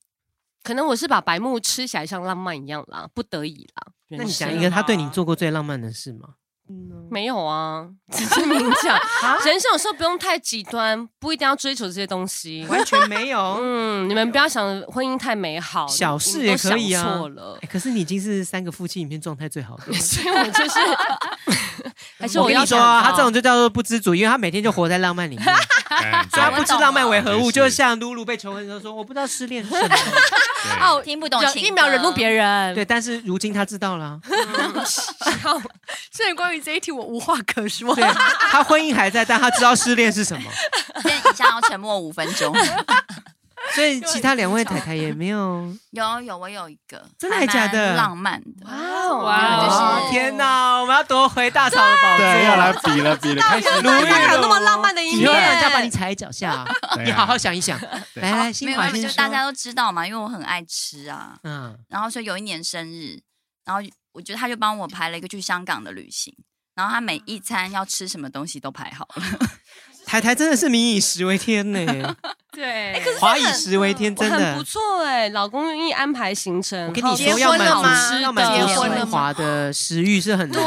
可能我是把白目吃起來像浪漫一樣啦，不得已啦。那你想一個他對你做過最浪漫的事嗎？嗯、沒有啊， 只是勉強。人生有時候不用太極端，不一定要追求這些東西，完全沒有。 嗯，你們不要想婚姻太美好，小事也可以啊。錯了，欸，可是你已經是三個夫妻裡面狀態最好的， 所以我就是。 還是我，要我跟你說，啊，他這種就叫做不知足，因為他每天就活在浪漫裡面。 嗯、所以他不知浪漫為何物，是就像露露被求婚的時候說：“我不知道失戀是什麼。”哦，聽不懂情歌，一秒惹怒別人。對，但是如今他知道了、啊。所 以關於這一題，我無話可說。對，他婚姻還在，但他知道失戀是什麼。現在以上要沉默五分鐘。 所以其他兩位太太也沒有。有有，我有一個真的還假的？浪漫的哇哦，就是，哇哦，天吶，我們要奪回大嫂的寶貝，要來比了比了，開始錄大香有那麼浪漫的音樂，人家把你踩在腳下，你好好想一想。來來，心懷就大家都知道嘛，因為我很愛吃啊。嗯，然後說有一年生日，然後我覺得他就幫我排了一個去香港的旅行，然後他每一餐要吃什麼東西都排好了。台台真的是民以食為天呢、欸，對，華、欸、以食為天、嗯、真的很不錯哎、欸，老公願意安排行程，我跟你說要滿足的華的食欲是很難。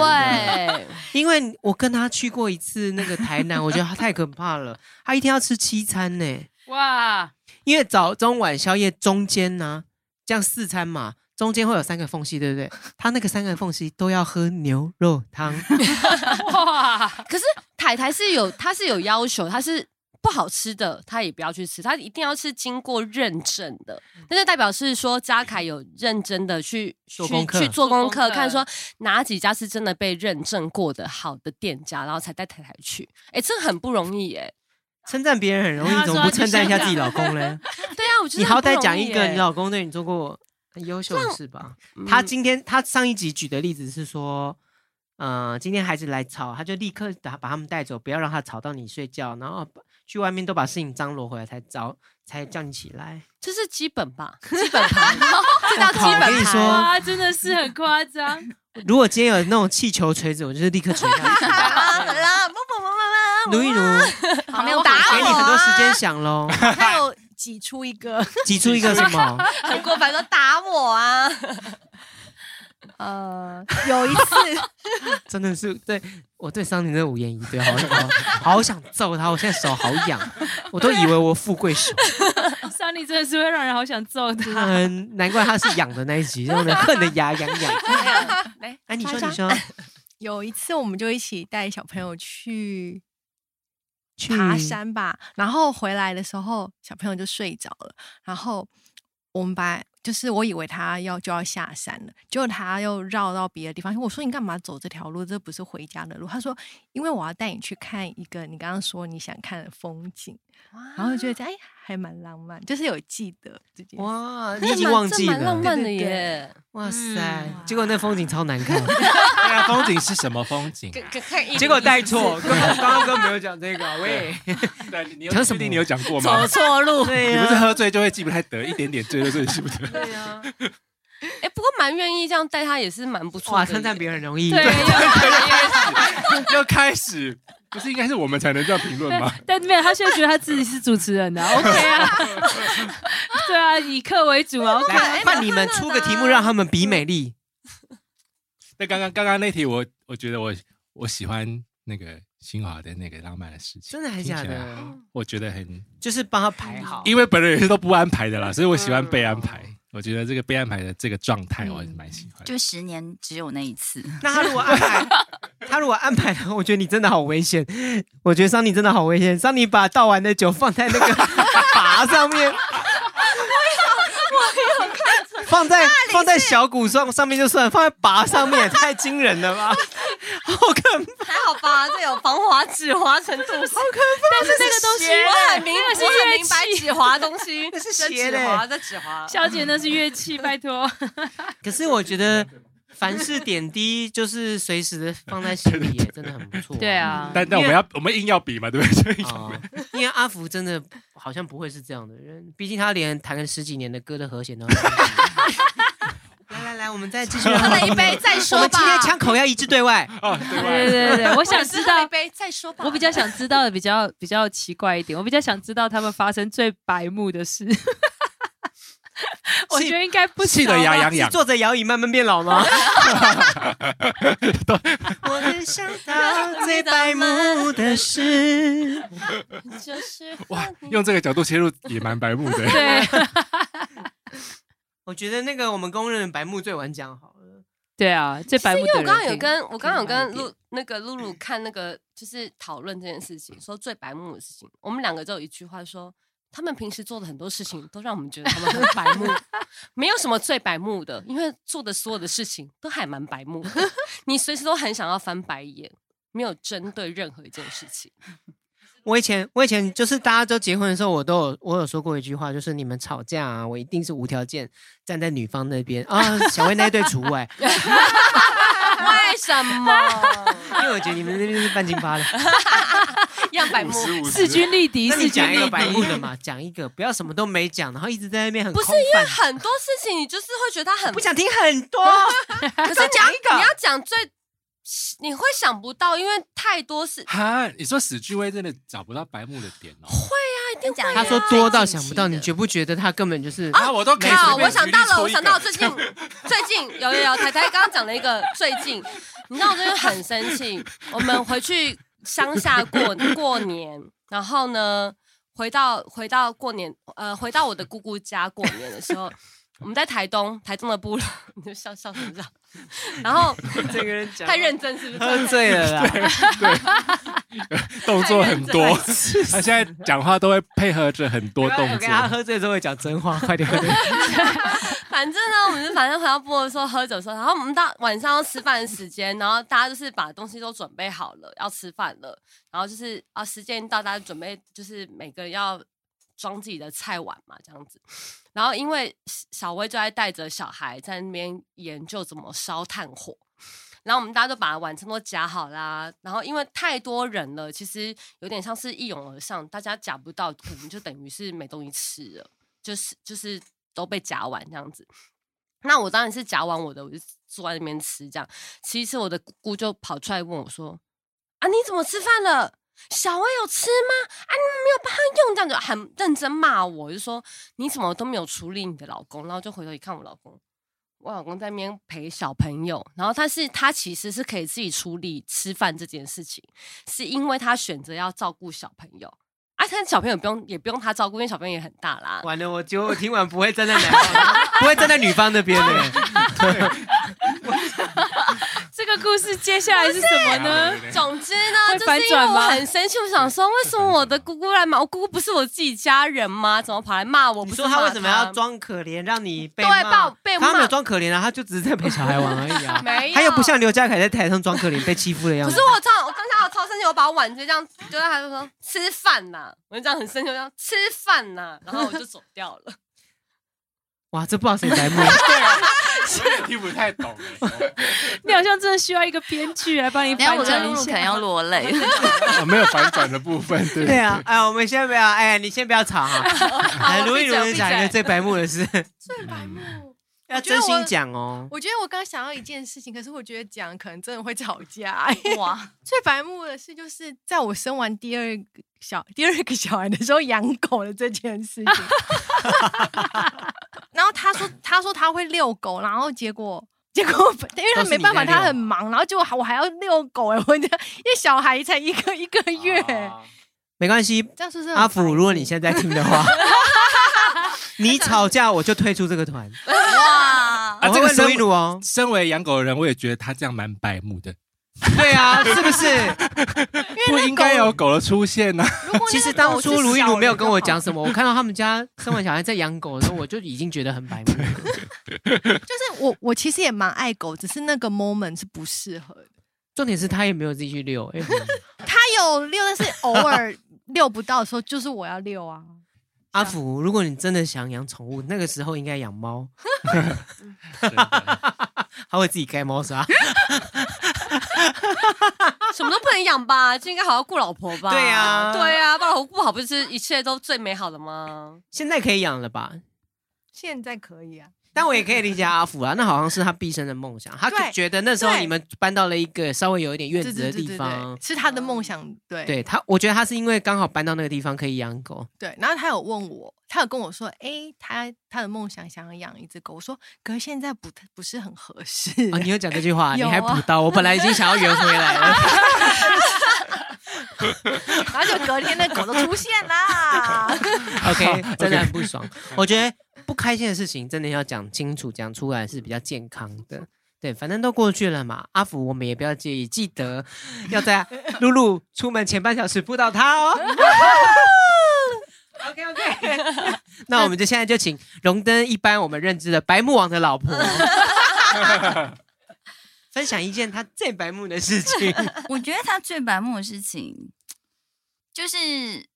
對，因為我跟他去過一次那個台南， 我覺得他太可怕了，他一天要吃七餐呢、欸，哇，因為早中晚宵夜中間呢、啊，這樣四餐嘛，中間會有三個縫隙，對不對？他那個三個縫隙都要喝牛肉湯， 哇，可是。太太，太太是有，他是有要求，他是不好吃的，他也不要去吃，他一定要是經過認證的，那就代表是說嘉凱有認真的去做功課去去做功課做功課，看說哪幾家是真的被認證過的好的店家，然後才帶太太去。哎，這很不容易哎，稱讚別人很容易，啊，怎麼不稱讚一下自己老公呢？ 對啊，我覺得你好歹講一個你老公對你做過很優秀的事吧，嗯。他今天他上一集舉的例子是說。嗯、呃，今天孩子來吵，他就立刻把他們帶走，不要讓他吵到你睡覺，然後去外面都把事情張羅回來，才找才叫你起來，這是基本吧， 基本盤排，這 叫基本盤哇，真的是很誇張。 如果今天有那種氣球錘子，我就是立刻錘。好了，努一努好，沒有打我，給你很多時間想嘍， 還有擠出一個，擠 出一個什麼？ 很過分說打我啊。 呃，有一次， 真的是對我對桑尼的無言以對，好想好想揍他，我現在手好癢，我都以為我富貴手。 桑尼真的是會讓人好想揍他，嗯、難怪他是癢的那一集，讓人恨得牙癢癢。來，哎、 啊，你說你說， 有一次我們就一起帶小朋友去去爬山吧，嗯，然後回來的時候，小朋友就睡着了，然後我們把。就是我以為他要就要下山了，結果他又繞到別的地方。我說你幹嘛走這條路？這不是回家的路。他說因為我要帶你去看一個你剛剛說你想看的風景。然後覺得哎還蠻浪漫，就是有記得這件事。哇，你已經忘記了。蠻浪漫的耶。對對對，哇塞，哇，結果那風景超難看。 風景是什麼風景？可可一一結果帶錯，剛剛都沒有講這個、啊。喂，什麼你有講過嗎？走錯路，啊、你不是喝醉就會記不太得，一點點醉，醉是是了，醉記不得。對啊，哎，不過蠻願意這樣帶他，也是蠻不錯。哇，稱讚別人很容易。對，對，嗯，對，嗯。對、嗯，要 開始，要開始，不是應該是我們才能叫評論嗎？但沒有，他現在覺得他自己是主持人的、啊 嗯、，OK 啊。 對啊，以客為主啊。ok 那你們出個題目，讓他們比美麗、嗯。嗯剛剛剛剛那題我，我我覺得我我喜歡那個新華的那個浪漫的事情，真的還是假的？我覺得很、嗯、就是幫他排好，因為本人也是都不安排的啦，所以我喜歡被安排。嗯、我覺得這個被安排的這個狀態，我還是蠻喜歡的。就十年只有那一次，那他如果安排， 他如果安排，我覺得你真的好危險。我覺得桑尼真的好危險，桑尼把倒完的酒放在那個把上面。 我有，我有看。 放在放在小鼓上上面就算，放在鈸上面也太驚人了吧！好可怕。還好吧，這有防滑止，滑成程度是是。好可怕！但是那個東西是我很明，我很明白止滑東西。是小姐在滑。小姐，那是樂器，拜托。 可是我覺得。凡事點滴， 就是隨時的放在心裡，真的很不錯，啊。對啊，嗯，但但我們要，我們硬要比嘛，對不對？啊、 因為阿福真的好像不會是這樣的人，畢竟他連彈了十幾年的歌的和弦都還。 來來來，我們再繼續喝一杯再說吧。我們今天槍口要一致對外。 哦，對對對對，我想知道。一杯再說吧。我比較想知道的比較比較奇怪一點，我比較想知道他們發生最白目的事。 我覺得應該不氣得坐、 嗯、 在搖椅慢慢變老嗎？對。我能想到最白目的事，就是。哇，用這個角度切入也蠻白目的。對。我覺得那個我們公認的白目最晚講好了。對啊，最白目。其實因為我剛剛有跟我剛剛有跟露那個露露看那個就是討論這件事情，說最白目的事情，我們兩個就有一句話說。他們平時做的很多事情都讓我們覺得他們很白目，沒有什麼最白目的，因為做的所有的事情都還蠻白目的。你隨時都很想要翻白眼，沒有針對任何一件事情。我以前，我以前就是大家都結婚的時候，我都有我有說過一句話，就是你們吵架啊，我一定是無條件站在女方那邊啊，小薇那一對除外。 為什麼？因為我覺得你們那邊是半斤八兩。 一樣白目，勢均力敵，勢均力白目的嘛，講 一個，不要什麼都沒講，然後一直在那邊很不是因為很多事情，你就是會覺得他很不想聽很多， 可是講一個， 你要講最你會想不到，因為太多事。哈，你說史俊威真的找不到白目的點了喔？會啊，一定講一個，他說多到想不到， 你覺不覺得他根本就是啊？我都可以，哦，我想到了，我想到了最近 最近有有才才剛剛講了一個最近， 你知道我最近很生氣， 我們回去。鄉下過年 過年，然後呢，回到回到過年，呃，回到我的姑姑家過年的時候， 我們在台東，台中的部落，你就笑笑什麼笑，然後這個人講太認真是不是？喝醉了啦，對對 動作很多，他現在講話都會配合着很多動作，okay, 他喝醉之後都會講真話，快點。快點 反正呢，我們就反正不要說喝酒，說然後我們到晚上要吃飯時間，然後大家就是把東西都準備好了，要吃飯了，然後就是啊，時間到，大家準備就是每個人要裝自己的菜碗嘛，這樣子。然後因為小薇就在帶着小孩在那邊研究怎麼燒炭火，然後我們大家都把碗稱都夾好啦。然後因為太多人了，其實有點像是一擁而上，大家夾不到，可能就等於是沒東西吃了，就是就是。都被夾完這樣子，那我當然是夾完我的，我就坐在那邊吃。這樣，其實我的姑姑就跑出來問我說：“啊，你怎麼吃飯了？小薇有吃嗎？啊，你沒有幫他用，這樣子很認真罵我，就說你怎麼都沒有處理你的老公。”然後就回頭一看，我老公，我老公在那邊陪小朋友。然後，他是，他其實是可以自己處理吃飯這件事情，是因為他選擇要照顧小朋友。啊、小朋友不用，也不用他照顧，因為小朋友也很大啦。完了，我就我聽完不會站在男方， 不會站在女方那邊的、欸 。這個故事接下來是什麼呢？總之呢吧，就是因為我很生氣，我想說，為什麼我的姑姑來罵我？我姑姑不是我自己家人嗎？怎麼跑來罵我不？你說他為什麼要裝可憐，讓你被罵？都被他，他沒有裝可憐啊，他就只是在陪小孩玩而已啊。 沒他又不像劉家凱在台上裝可憐 被欺負的樣子。可是我操！我我把我碗就這樣，丟在他就說吃飯吶、啊，我就這樣很生氣就這樣吃飯吶、啊，然後我就走掉了。 哇，這不知道誰白目在 對、啊、 聽不太懂。 對 你好像真的需要一個編劇來幫你反轉、啊、 可能要落淚 、哦。沒有反轉的部分，對對、對、對啊，哎、呃，我們先不要，哎、欸，你先不要吵哈、啊 好 好。 好，逐一逐一講一個最白目的是最白目。 要真心講哦。我覺得我剛剛想到一件事情，可是我覺得講可能真的會吵架。 哇！最白目的事就是在我生完第二個小第二個小孩的時候，養狗的這件事情。 然後他說，他說他會遛狗，然後結果結果，因為他沒辦法，他很忙，然後結果我還要遛狗。哎、欸，我覺得因為小孩才一個一個月，啊、沒關係。這樣是不是阿福，如果你現在，在聽的話。 你吵架我就退出這個團，哇！啊，啊這個盧一如哦，身為養狗的人，我也覺得他這樣蠻白目的。對啊， 是不是？因為不應該有狗的出現呢、啊？如果其實當初盧、哦、一如沒有跟我講什麼，看我看到他們家生完小孩在養狗的時候， 我就已經覺得很白目的。對對對對 就是我，我其實也蠻愛狗，只是那個 moment 是不適合的。重點是他也沒有自己去遛，欸、有 他有遛，但是偶爾遛不到的時候， 就是我要遛啊。阿、啊、福，如果你真的想養寵物，那個時候應該養貓，它 真的 會自己開貓砂，什麼都不能養吧？就應該好好顧老婆吧？對呀、啊，對呀、啊，把老婆顧好，不就是一切都最美好的嗎？現在可以養了吧？現在可以啊。但我也可以理解阿福啊，那好像是他畢生的夢想。他覺得那時候你們搬到了一個稍微有一點院子的地方，對對對對，是他的夢想。對，對他，我覺得他是因為剛好搬到那個地方可以養狗。對，然後他有問我，他有跟我說，哎、欸，他他的夢想想要養一隻狗。我說，可是現在不太不是很合適啊。你又講這句話， 啊、你還補刀，我本來已經想要圓回來了。 然 後就隔天那狗都出現啦。o、okay, k 真的很不爽。Okay. 我覺得不開心的事情真的要講清楚，講出來是比較健康的。對，反正都過去了嘛。阿福，我們也不要介意，記得要在露露出門前半小時撲到她哦。 OK OK， 那我們就現在就請榮登一般我們認知的白目王的老婆。 分享一件他最白目的事情 我覺得他最白目的事情，就是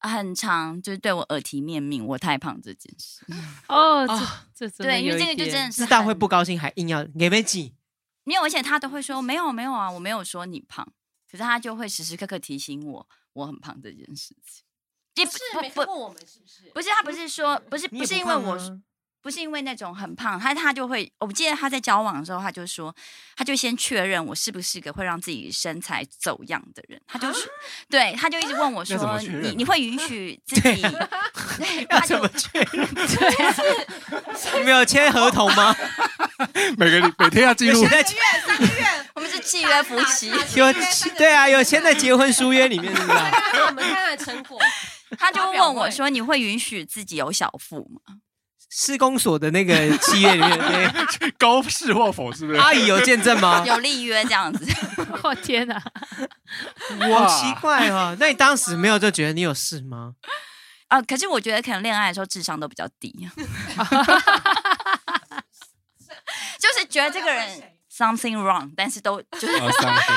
很常，就是對我耳提面命，我太胖這件事。哦，這這，對，因為這個就真的是知道會不高興，還硬要給面子。沒有，而且他都會說沒有沒有啊，我沒有說你胖，可是他就會時時刻刻提醒我我很胖這件事情。不，是，你不是不是？不是他不是說不是不，不是因為我。不是因為那種很胖，他他就會，我不記得他在交往的時候，他就說，他就先確認我是不是個會讓自己身材走樣的人。他就說，對，他就一直問我說，你你會允許自己？他、啊、他怎確認，對，啊、對對，你沒有簽合同嗎？喔、每個、啊、每個每天要記錄。啊、現在契約，現 我們是契約夫妻。有對啊，有簽在結婚書約裡面。我們看他的成果。他就問我說，你會允許自己有小腹嗎？施工所的那個契約裡,裡面， 高士或否是不是？ 阿姨有見證嗎？有立約這樣子。 我天哪！我奇怪哦，那你當時沒有就覺得你有事嗎？ 啊，可是我覺得可能戀愛的時候智商都比較低， 就是覺得這個人 something wrong，但是都就是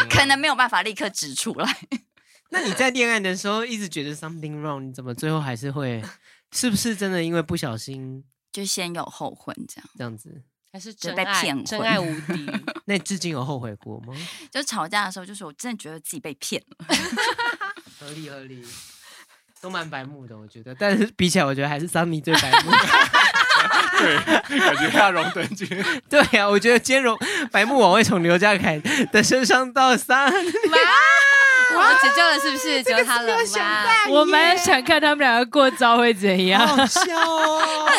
可能沒有辦法立刻指出來。 那你在戀愛的時候一直覺得 something wrong，你怎麼最後還是會？是不是真的因為不小心？就先有後婚這樣，這樣子還是真被騙，真愛無敵。 那至今有後悔過嗎？ 就吵架的時候，就是我真的覺得自己被騙了。 合理合理，都蠻白目的，我覺得。但是比起來，我覺得還是桑尼最白目。 對， 感覺要容德軍。 對呀、啊，我覺得兼容白目往外從劉家凱的身上到桑。 我要了，是不是只有他了嗎？這個、我蠻想看他們兩個過招會怎樣。好笑哦！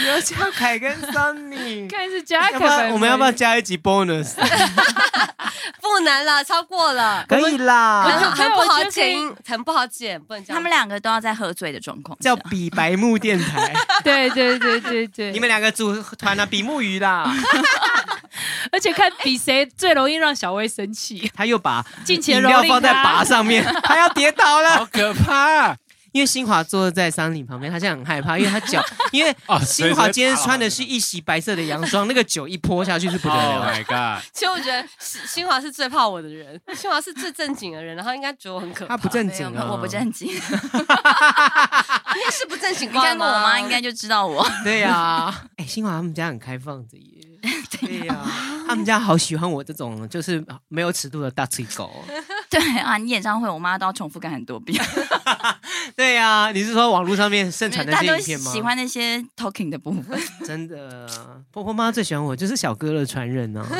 劉嘉凱跟 Sunny，看是嘉凱。我們要不要加一集 bonus？ 不能啦，超過了。可以啦，很不好剪，很不好剪，就是，不能他們兩個都要在喝醉的狀況，叫比白目電台。 對對對對對，對，你們兩個組團呢、啊，比目魚啦。 而且看比誰最容易讓小薇生氣， 他又把飲料放在把上面，他要跌倒了，好可怕，啊！因為新華坐在山嶺旁邊，他現在很害怕，因為他腳，因為新華今天穿的是一襲白色的洋裝，那個酒一潑下去是不得了。Oh、my God！其實我覺得新華是最怕我的人，新華是最正經的人，然後應該覺得我很可怕。他不正經的，啊，我不正經，應該 是不正經。你看過我媽， 應該就知道我。對呀，啊，哎、欸，新華他們家很開放的耶。 對呀、啊，他們家好喜歡我這種就是沒有尺度的大嘴狗。 對啊，你演唱會我媽都要重複看很多遍。 對呀、啊，你是說網絡上面盛傳的那些影片嗎？喜歡那些 talking 的部分。 真的、啊，婆婆媽媽最喜歡我，就是小哥的傳人啊。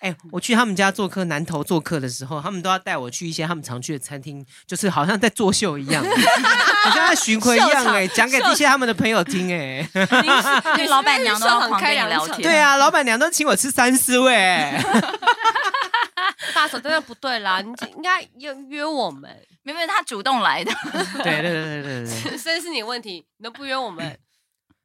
哎、欸，我去他們家做客，南投做客的時候，他們都要帶我去一些他們常去的餐廳，就是好像在作秀一樣， 好像在巡回一樣、欸，講給一些他們的朋友聽、欸。哎、啊啊啊，老板娘都很開朗，聊天。對啊，老板娘都請我吃三四位、欸。 大嫂真的不對啦，你應該約約我們，明明他主動來的。 對對對對對對，所以 是你問題，你都不約我們。嗯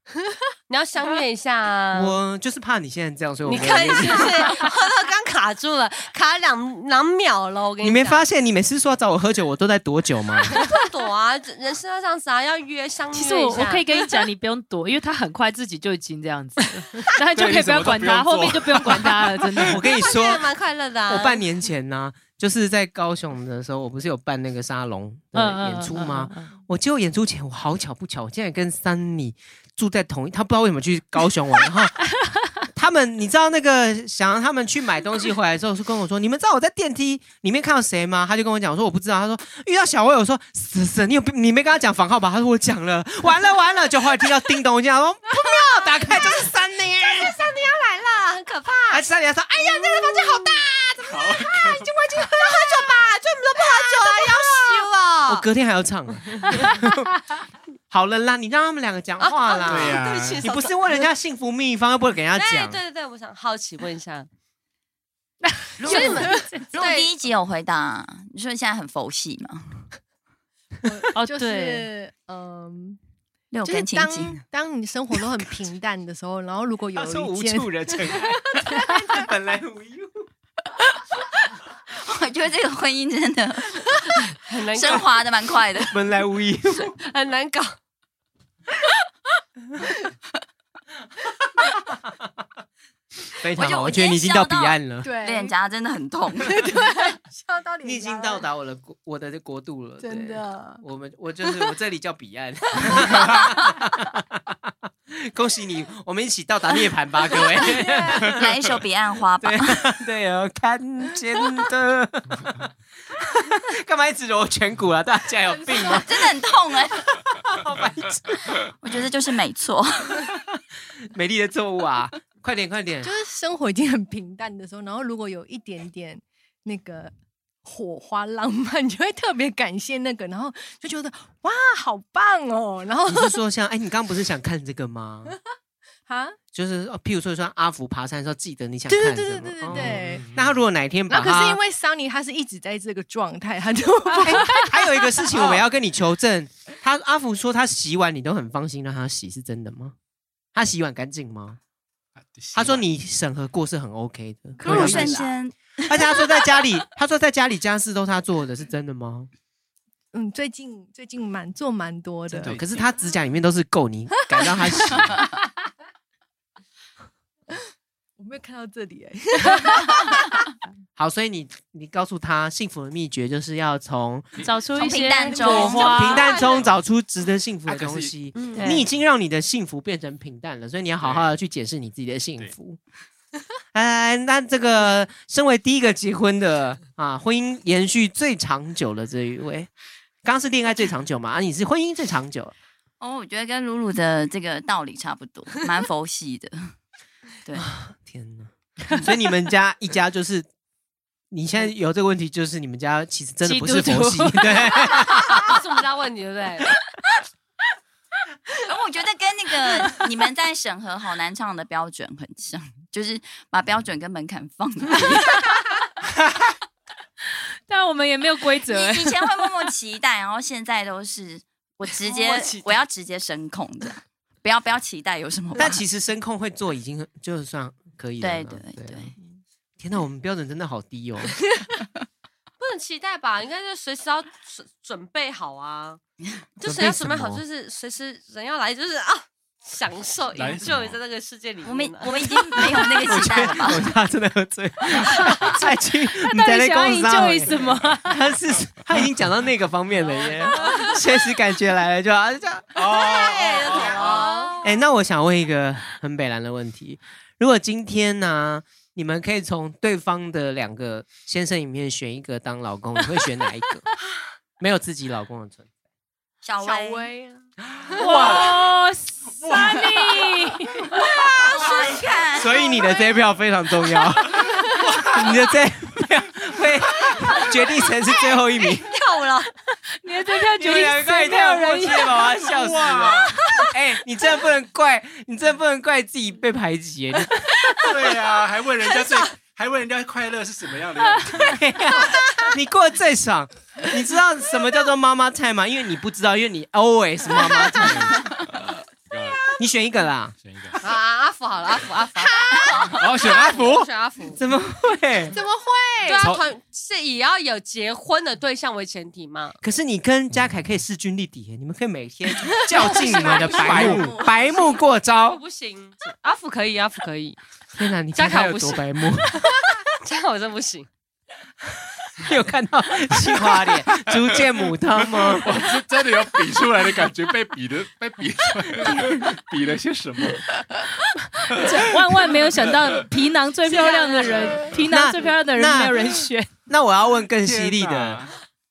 你要相約一下啊！我就是怕你現在這樣，所以你看一下，是喝到剛卡住了，卡兩兩秒了。我跟你講，你沒發現你每次說要找我喝酒，我都在躲酒嗎？不躲啊，人生要這樣子啊，要約相約。其實我，我可以跟你講，你不用躲，因為他很快自己就已經這樣子了，然 後就可以不要管他用，後面就不用管他了。真的， 我跟你說，蠻快樂的。我半年前呢、啊，就是在高雄的時候，我不是有辦那個沙龍的演出嗎？嗯嗯嗯嗯、我就演出前，我好巧不巧，我竟然跟珊妮。住在同一，他不知道為什麼去高雄玩。然後，他們，你知道那個想讓他們去買東西回來之後，是跟我說，你們知道我在電梯裡面看到誰嗎？他就跟我講，我說我不知道。他說遇到小薇，我說，死死，你有你沒跟他講房號吧？他說我講了，完了完了，就後來聽到叮咚一下，不妙，打開就是三妮，啊、是三妮要來了，很可怕。還是三妮說，哎呀，那、這個房間好大，怎麼辦？已經玩去喝喝酒吧？就我們都不喝酒了，要修哦，我隔天還要唱。啊呵呵好了啦，你讓他們兩個講話啦。啊啊、對不、啊啊、你不是問人家幸福秘方，又、嗯、不會給人家講。對對對，對，我想好奇問一下， 如果你們如果第一集有回答， 你說你現在很佛系嗎？哦，就是 對、呃就是、當嗯，六根清淨當，當你生活都很平淡的時候， 然後如果有、啊、無處人稱。本來無憂。我覺得這個婚姻真的 很難，升華的蠻快的。本 來無憂，很難搞。哈哈哈哈哈！非常好，我，我，我覺得你已經到彼岸了。對，臉頰真的很痛。 你已經到達我的國，我的國度了。真的，我們我就是我這裡叫彼岸。 恭喜你，我們一起到達涅槃吧， 哎、各位 。來一首《彼岸花》吧 對啊，啊、看見的。 幹 嘛一直揉顴骨啊？大家有病啊， 真的很痛哎、欸！ 好白痴！ 我覺得就是沒錯。 美麗的錯誤啊！ 快點，快點！就是生活已經很平淡的時候，然後如果有一點點那個火花浪漫，你就會特別感謝那個，然後就覺得哇，好棒哦！然後就說像哎、欸，你剛剛不是想看這個嗎？ 啊、huh?，就是，譬如說，說阿福爬山的時候，記得你想看對對對對對對對、oh, mm。-hmm. 那他如果哪一天把，那可是因為 Sony 他是一直在這個狀態，他就會。還有一個事情，我們要跟你求證， 他阿福說他洗碗你都很放心讓他洗，是真的嗎？他洗碗乾淨嗎乾淨？他說你審核過是很 OK 的，可我生鮮。而且他說在家裡， 他說在家裡家事都他做的是真的嗎？嗯，最近最近蠻做蠻多的，可是他指甲裡面都是垢你敢讓他洗？ 我沒有看到這裡哎、欸。 好，所以你你告訴他幸福的秘訣就是要從找出從平淡中、啊、從平淡中找出值得幸福的東西、啊嗯。你已經讓你的幸福變成平淡了，所以你要好好的去解釋你自己的幸福。哎，那這個身為第一個結婚的啊，婚姻延續最長久了這一位，剛是戀愛最長久嘛，啊，你是婚姻最長久了。哦，我覺得跟魯魯的這個道理差不多，蠻佛系的。對。 天哪嗯，所以你們家一家就是你現在有這個問題，就是你們家其實真的不是佛系，對， 是我們的問題，對不對，嗯？我覺得跟那個你們在審核好難唱的標準很像，就是把標準跟門檻放。 但我們也沒有規則，以前會默默期待，然後現在都是我直接我，我要直接聲控的，不要不要期待有什麼。但其實聲控會做已經就是算。可以的。對，對對對，天吶，我們標準真的好低哦！ 不能期待吧？應該是隨時要準準備好啊，就是要準備好，就是隨時人要來，就是啊，享受、享受在那個世界裡面。我們我們已經沒有那個期待了。他 真的喝醉，再 去 蔡君， 你在那公司啊？為什麼？ 他是他已經講到那個方面了耶，確 實 感覺來了就、啊 哎 哎，就，對吧？哦，哎，那我想問一個很北藍的問題。如果今天呢、啊，你們可以從對方的兩個先生裡面選一個當老公， 你會選哪一個？沒有自己老公的存在。小薇，哇，哇，哇，Sunny，哇，所以你的這票非常重要，你的這票會決定誰是最後一名。 欸、跳舞了，你的這票決定最後一名。太搞笑了，我笑死了。哎、欸，你這不能怪，你這不能怪自己被排擠。 對啊，還問人家最，還問人家快樂是什麼樣的樣子 對、啊、你過得最爽，你知道什麼叫做媽媽菜嗎？因為你不知道，因為你 always 媽媽菜。你選一個啦、啊，選一個啊！阿福好了，阿福阿福、啊啊、阿福，我選阿福，選阿福，怎麼會？怎麼會？對啊，團是以要有結婚的對象為前提嗎？可是你跟嘉凱可以勢均力敵，你們可以每天較勁你們的白目、啊啊啊、白目過招。不行，阿、啊、福、啊啊啊、可以，阿、啊、福可以。天哪，你嘉凱不行。嘉凱我真不行。你有看到杏花臉、逐 漸母湯嗎？我是真的有比出來的感覺，被比的 被比出來，比了些什麼？ 萬萬沒有想到，皮囊最漂亮的人，啊，皮囊最漂亮的人沒有人選。那，那，那我要問更犀利的，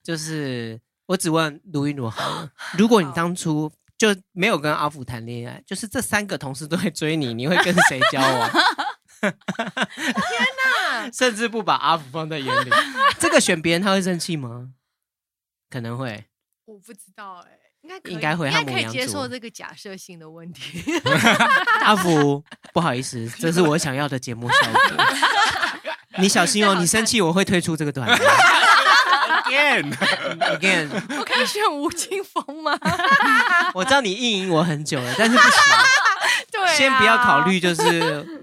就是我只問盧一諾好了。如果你當初就沒有跟阿福談戀愛，就是這三個同事都會追你，你會跟誰交往？ 天哪！甚至不把阿福放在眼裡， 這個選別人他會生氣嗎？可能會。我不知道哎、欸，應該應該會。他們可以接受這個假設性的問題。 阿福浦， 不好意思，這是我想要的節目效果。 你小心哦，你生氣我會退出這個短片。Again, again. 我可以選吳青峰嗎？ 我知道你意淫我很久了，但是不行。 對、啊，先不要考慮，就是。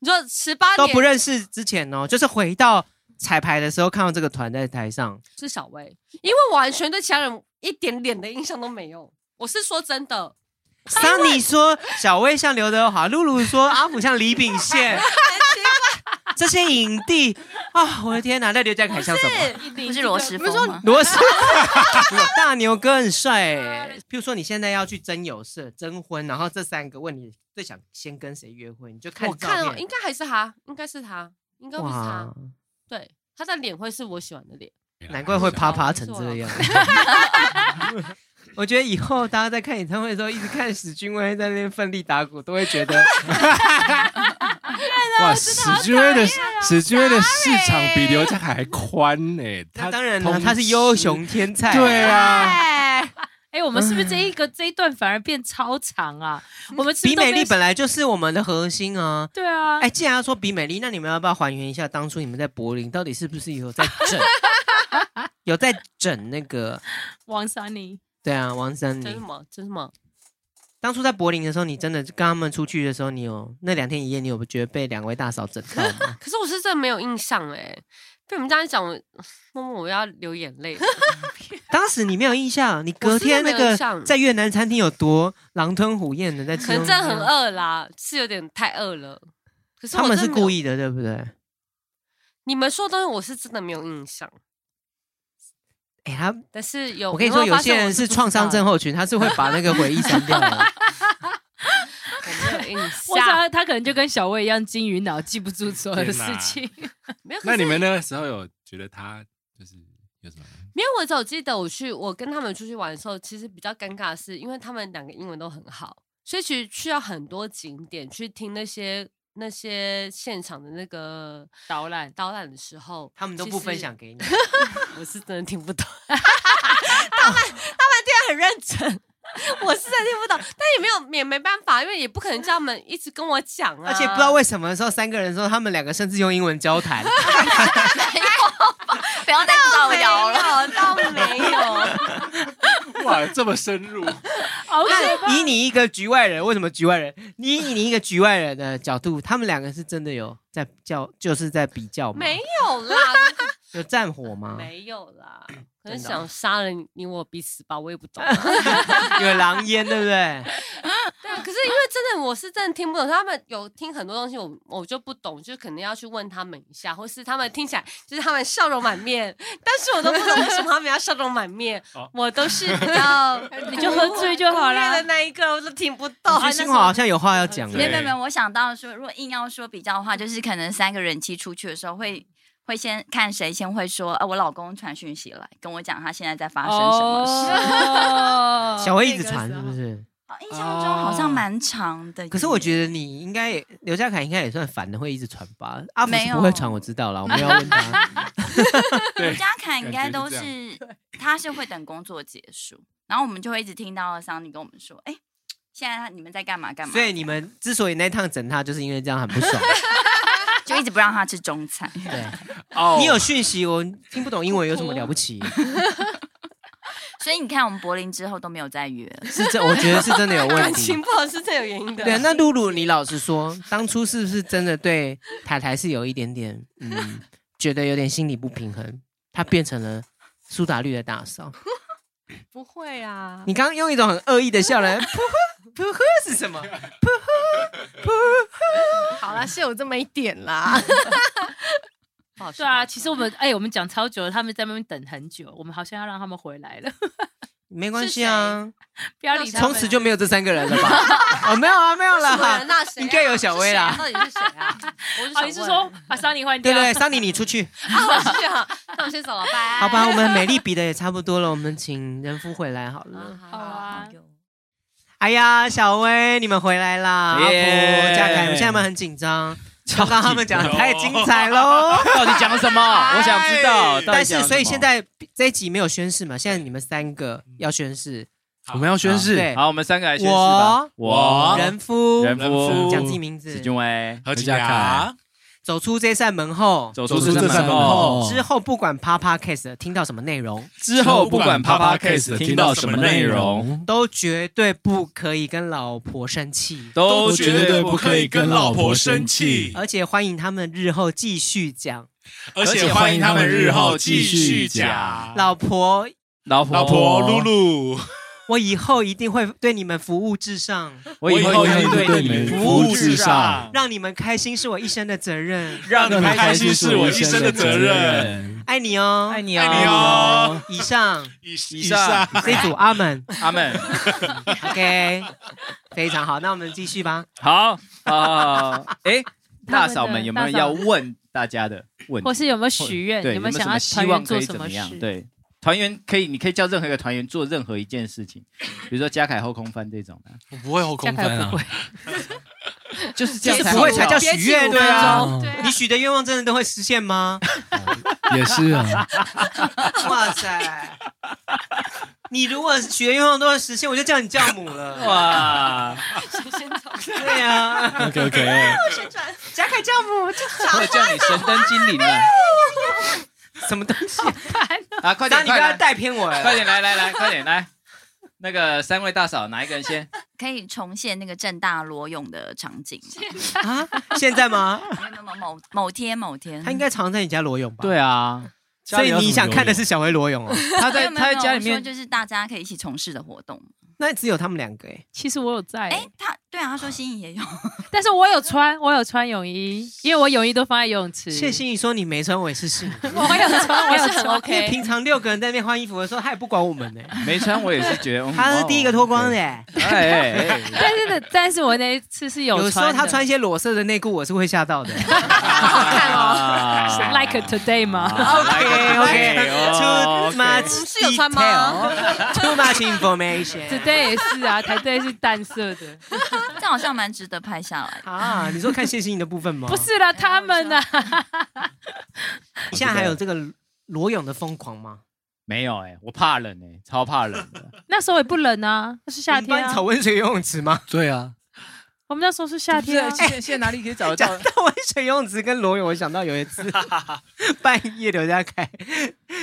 你說十八都不認識之前哦，就是回到彩排的時候看到這個團在台上，是小威，因為完全對其他人一點點的印象都沒有。我是說真的，桑尼說小威像劉德華，露露說阿福像李秉憲， 很奇怪 這些影帝啊、哦，我的天哪！那劉家凱像什麼？不是羅時豐嗎？羅時豐，大牛哥很帥、欸。哎，譬如說你現在要去徵友社徵婚，然後這三個問你最想先跟誰約會，你就看。我看了，應該還是他，應該是他，應該不是他。對，他的臉會是我喜歡的臉。難怪會趴趴成這樣。 我覺得以後大家在看演唱會的時候，一直看史俊威在那邊奮力打鼓，都會覺得。 哇，史俊威的史俊威的，的市場比劉家凱還寬呢、欸。他當然了，他是優雄天才。對啊。哎、 欸，我們是不是這一個這一段反而變超長啊？我們是是比美麗本來就是我們的核心啊。對啊。哎、欸，既然要說比美麗，那你們要不要還原一下當初你們在柏林到底是不是有在整 有在整那個王 Sunny。對啊，王 Sunny。整什麼？整什麼？當初在柏林的時候，你真的跟他們出去的時候，你有那兩天一夜，你有不覺得被兩位大嫂整？ 可是我是真的沒有印象。哎、欸，被你們這樣講，我默默我要流眼淚。 當時你沒有印象，你隔天那個在越南餐廳有多狼吞虎咽的在吃，可能真的很餓啦，是有點太餓了。可是他們是故意的，對不對？你們說的東西，我是真的沒有印象。哎、欸，他但是有，我跟你說，有、有、有些人是創傷症候群，他是會把那個回憶刪掉的。 我沒有印象，他可能就跟小威一樣，金魚腦記不住所有的事情。 沒有，那你們那個時候有覺得他就是有什麼？沒有，我只有記得我去，我跟他們出去玩的時候，其實比較尷尬的是，因為他們兩個英文都很好，所以其實需要很多景點去聽那些。那些現場的那個導覽，導覽的時候，他們都不分享給你， 我是真的聽不懂。 他們 他們居然很認真。我實在聽不懂，但也沒有，也沒辦法，因為也不可能叫他們一直跟我講啊。而且不知道為什麼的時候，三個人的時候，他們兩個甚至用英文交談。 沒有，不要再造謠了，倒沒有。 哇，這麼深入！ 以你一個局外人，為什麼局外人？你以你一個局外人的角度，他們兩個是真的有在叫，就是在比較嗎？沒有啦， 有戰火嗎？沒有啦。我就想殺了你我彼此吧，我也不懂，啊， 有狼煙，對不對 ？對，啊。可是因為真的，我是真的聽不懂。他們有聽很多東西，我我就不懂，就可能要去問他們一下，或是他們聽起來就是他們笑容滿面，但是我都不懂為什麼他們要笑容滿面。 我都是比較 你就喝醉就好了。喝的那一刻我都聽不懂。還是我好像有話要講。沒沒有，我想到說，如果硬要說比較的話，就是可能三個人一起出去的時候會。會先看誰先會說，啊，我老公傳訊息來，跟我講他現在在發生什麼事。哦、 小薇一直傳是不是？這個是啊哦哦？印象中好像蠻長的。可是我覺得你應該劉家凱應該也算煩的，會一直傳吧。啊，阿福不會傳，我知道了，我沒有要問他。劉家凱應該都是，他是會等工作結束，然後我們就會一直聽到桑尼跟我們說，哎、欸，現在他你們在幹嘛幹嘛嘛？所以你們之所以那趟整他，就是因為這樣很不爽。 就一直不讓他吃中餐。 對，哦、oh,，你有訊息哦，我聽不懂英文有什麼了不起？ 所以你看，我們柏林之後都沒有再約。是真，我覺得是真的有問題。感情不好是真的有原因的。對，那露露，你老實說，當初是不是真的對台台是有一點點，嗯，覺得有點心理不平衡？他變成了蘇打綠的大嫂。不會啊，你剛剛用一種很惡意的笑來噗呼是什麼？噗呼噗呼，好了，是有這麼一點啦。 對啊，其實我們哎、欸，我們講超久了，他們在那邊等很久，我們好像要讓他們回來了。 沒關係啊，不要理他。從此就沒有這三個人了吧？ 哦，沒有啊，沒有了。哈，應、啊、該、啊、有小薇啦。到底是誰啊？我意思、 啊、是說，把桑尼換掉。對對桑尼你出去。 啊啊、那我們先走了，拜拜。 好吧，我們美麗比的也差不多了，我們請人夫回來好了。嗯、好啊。好啊哎呀，小威，你們回來啦！Yeah, 阿普、家凱，們現在們很緊張。剛剛他們講得太精彩嘍， 到底講了什麼？我想知道。但是，所以現在這一集沒有宣誓嘛？現在你們三個要宣誓，我們要宣誓。好，我們三個來宣誓吧，我、我、人夫、人夫、講自己名字、史俊威、何家凱走出，走出這扇門後，走出這扇門後，之後不管 Podcast 聽到什麼內容，之後不管 Podcast 聽到什麼內容都，都絕對不可以跟老婆生氣，都絕對不可以跟老婆生氣，而且歡迎他們日後繼續講，而且歡迎他們日後繼續講，續講老婆，老婆，老婆，露露。我以後一定會對你們服務至上。我以後一定會對，會對你們服務至上，讓你們開心是我一生的責任。讓你們開，開心是我一生的責任。愛你哦，愛你哦，愛你哦。以上，以上，這一組阿門，阿門。啊， OK，非常好，那我們繼續吧。好啊，哎、呃 欸，大嫂們有沒有要問大家的問題？或是有沒有許願？有沒有想要希望做什麼事？對。團員可以，你可以叫任何一個團員做任何一件事情，比如說家凱後空翻這種的，我不會後空翻啊， 就是這樣子、就是、不會才叫許願對啊，你許的願望真的都會實現嗎？啊？也是啊，哇塞，你如果許的願望都能實現，我就叫你教母了，哇，對啊，OK OK，家凱、哦、教母就，好我叫你神燈精靈了、啊。哦什麼東西啊？喔、啊！快點，快點你剛才帶偏我，哎，快點，來來來，快點來來來，快點來。那個三位大嫂，哪一個人先？可以重現那個政大裸泳的場景現在、啊、現在嗎？某某某天某天。他應該常在你家裸泳吧？對啊，所以你想看的是小威裸泳哦？ 他在他在家裡面，就是大家可以一起從事的活動。那只有他們兩個哎，其實我有在哎、欸，他。對，他說欣怡也有，但是我有穿，我有穿泳衣，因為我泳衣都放在游泳池。謝欣怡說你沒穿，我也是試。我有穿， 我有穿。 有穿 okay. 因為平常六個人在那邊換衣服的時候，他也不管我們呢。 沒穿我也是覺得、哦。他是第一個脫光的。哎。 但是，但是我那一次是有穿。有時候他穿一些裸色的內褲，我是會嚇到的。 好看哦、uh,，Like a today 嗎、uh,？OK OK OK, too okay. Too。Too much detail Too much information。today 也是啊，today 是淡色的。 這樣好像蠻值得拍下來的 啊！你說看謝欣穎的部分嗎？不是啦，啊、他們啊。現在還有這個裸泳的瘋狂嗎？ 沒有哎、欸，我怕冷哎、欸，超怕冷的。 那時候也不冷啊，那是夏天、啊。你找溫水游泳池嗎？對啊。我們那時候是夏天、啊，現在哪裡可以找到溫、欸、水游泳池？跟裸泳，我想到有一次 半夜劉家凱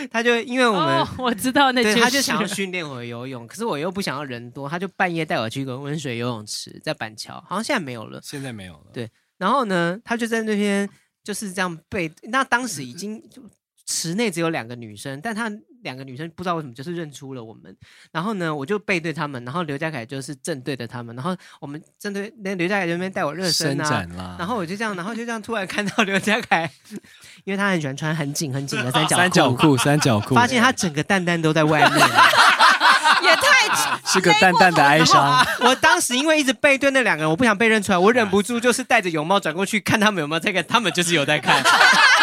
他就因為我們，哦、我知道那、就是，他就想要訓練我的游泳，可是我又不想要人多，他就半夜帶我去一個溫水游泳池，在板橋，好像現在沒有了，現在沒有了。對，然後呢，他就在那邊就是這樣背，那當時已經就。池內只有兩個女生，但她兩個女生不知道為什麼就是認出了我們。然後呢，我就背對他們，然後劉家凱就是正對着他們。然後我們正對那劉家凱就那邊帶我熱身啊。然後我就這樣，然後就這樣突然看到劉家凱，因為他很喜歡穿很緊很緊的三角褲、三角褲、三角褲、三角褲，發現他整個蛋蛋都在外面， 也太是個淡淡的哀傷。我當時因為一直背對那兩個人，我不想被認出來，我忍不住就是戴着泳帽轉過去看他們有沒有在、這、看、個，他們就是有在看。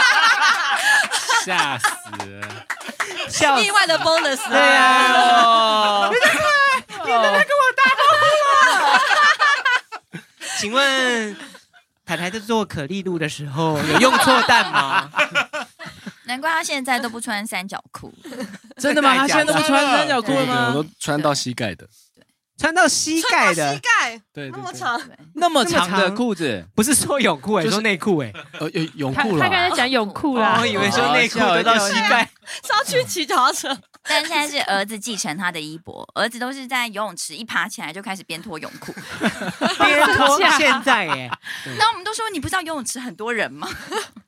嚇死了，笑死了！意外的 bonus、啊。對啊，你再過來，你在、哦、你在跟我搭包袱啊！請問，太太在做可麗露的時候 有用錯蛋嗎？ 難怪她現在都不穿三角褲。真的嗎？她現在都不穿三角褲了嗎？我都穿到膝蓋的。穿到膝蓋的膝蓋，對，那麼長那麼長的褲子，不是說泳褲哎、欸就是，說內褲哎、欸，呃，泳泳褲啦、啊。他剛才講泳褲啦，我、哦、以為說內褲，得到膝蓋。上、哦啊、去騎腳踏車，但現在是兒子繼承他的衣缽，兒子都是在游泳池一爬起來就開始邊脫泳褲，邊脫。現在哎、欸， 那我們都說你不知道游泳池很多人嗎？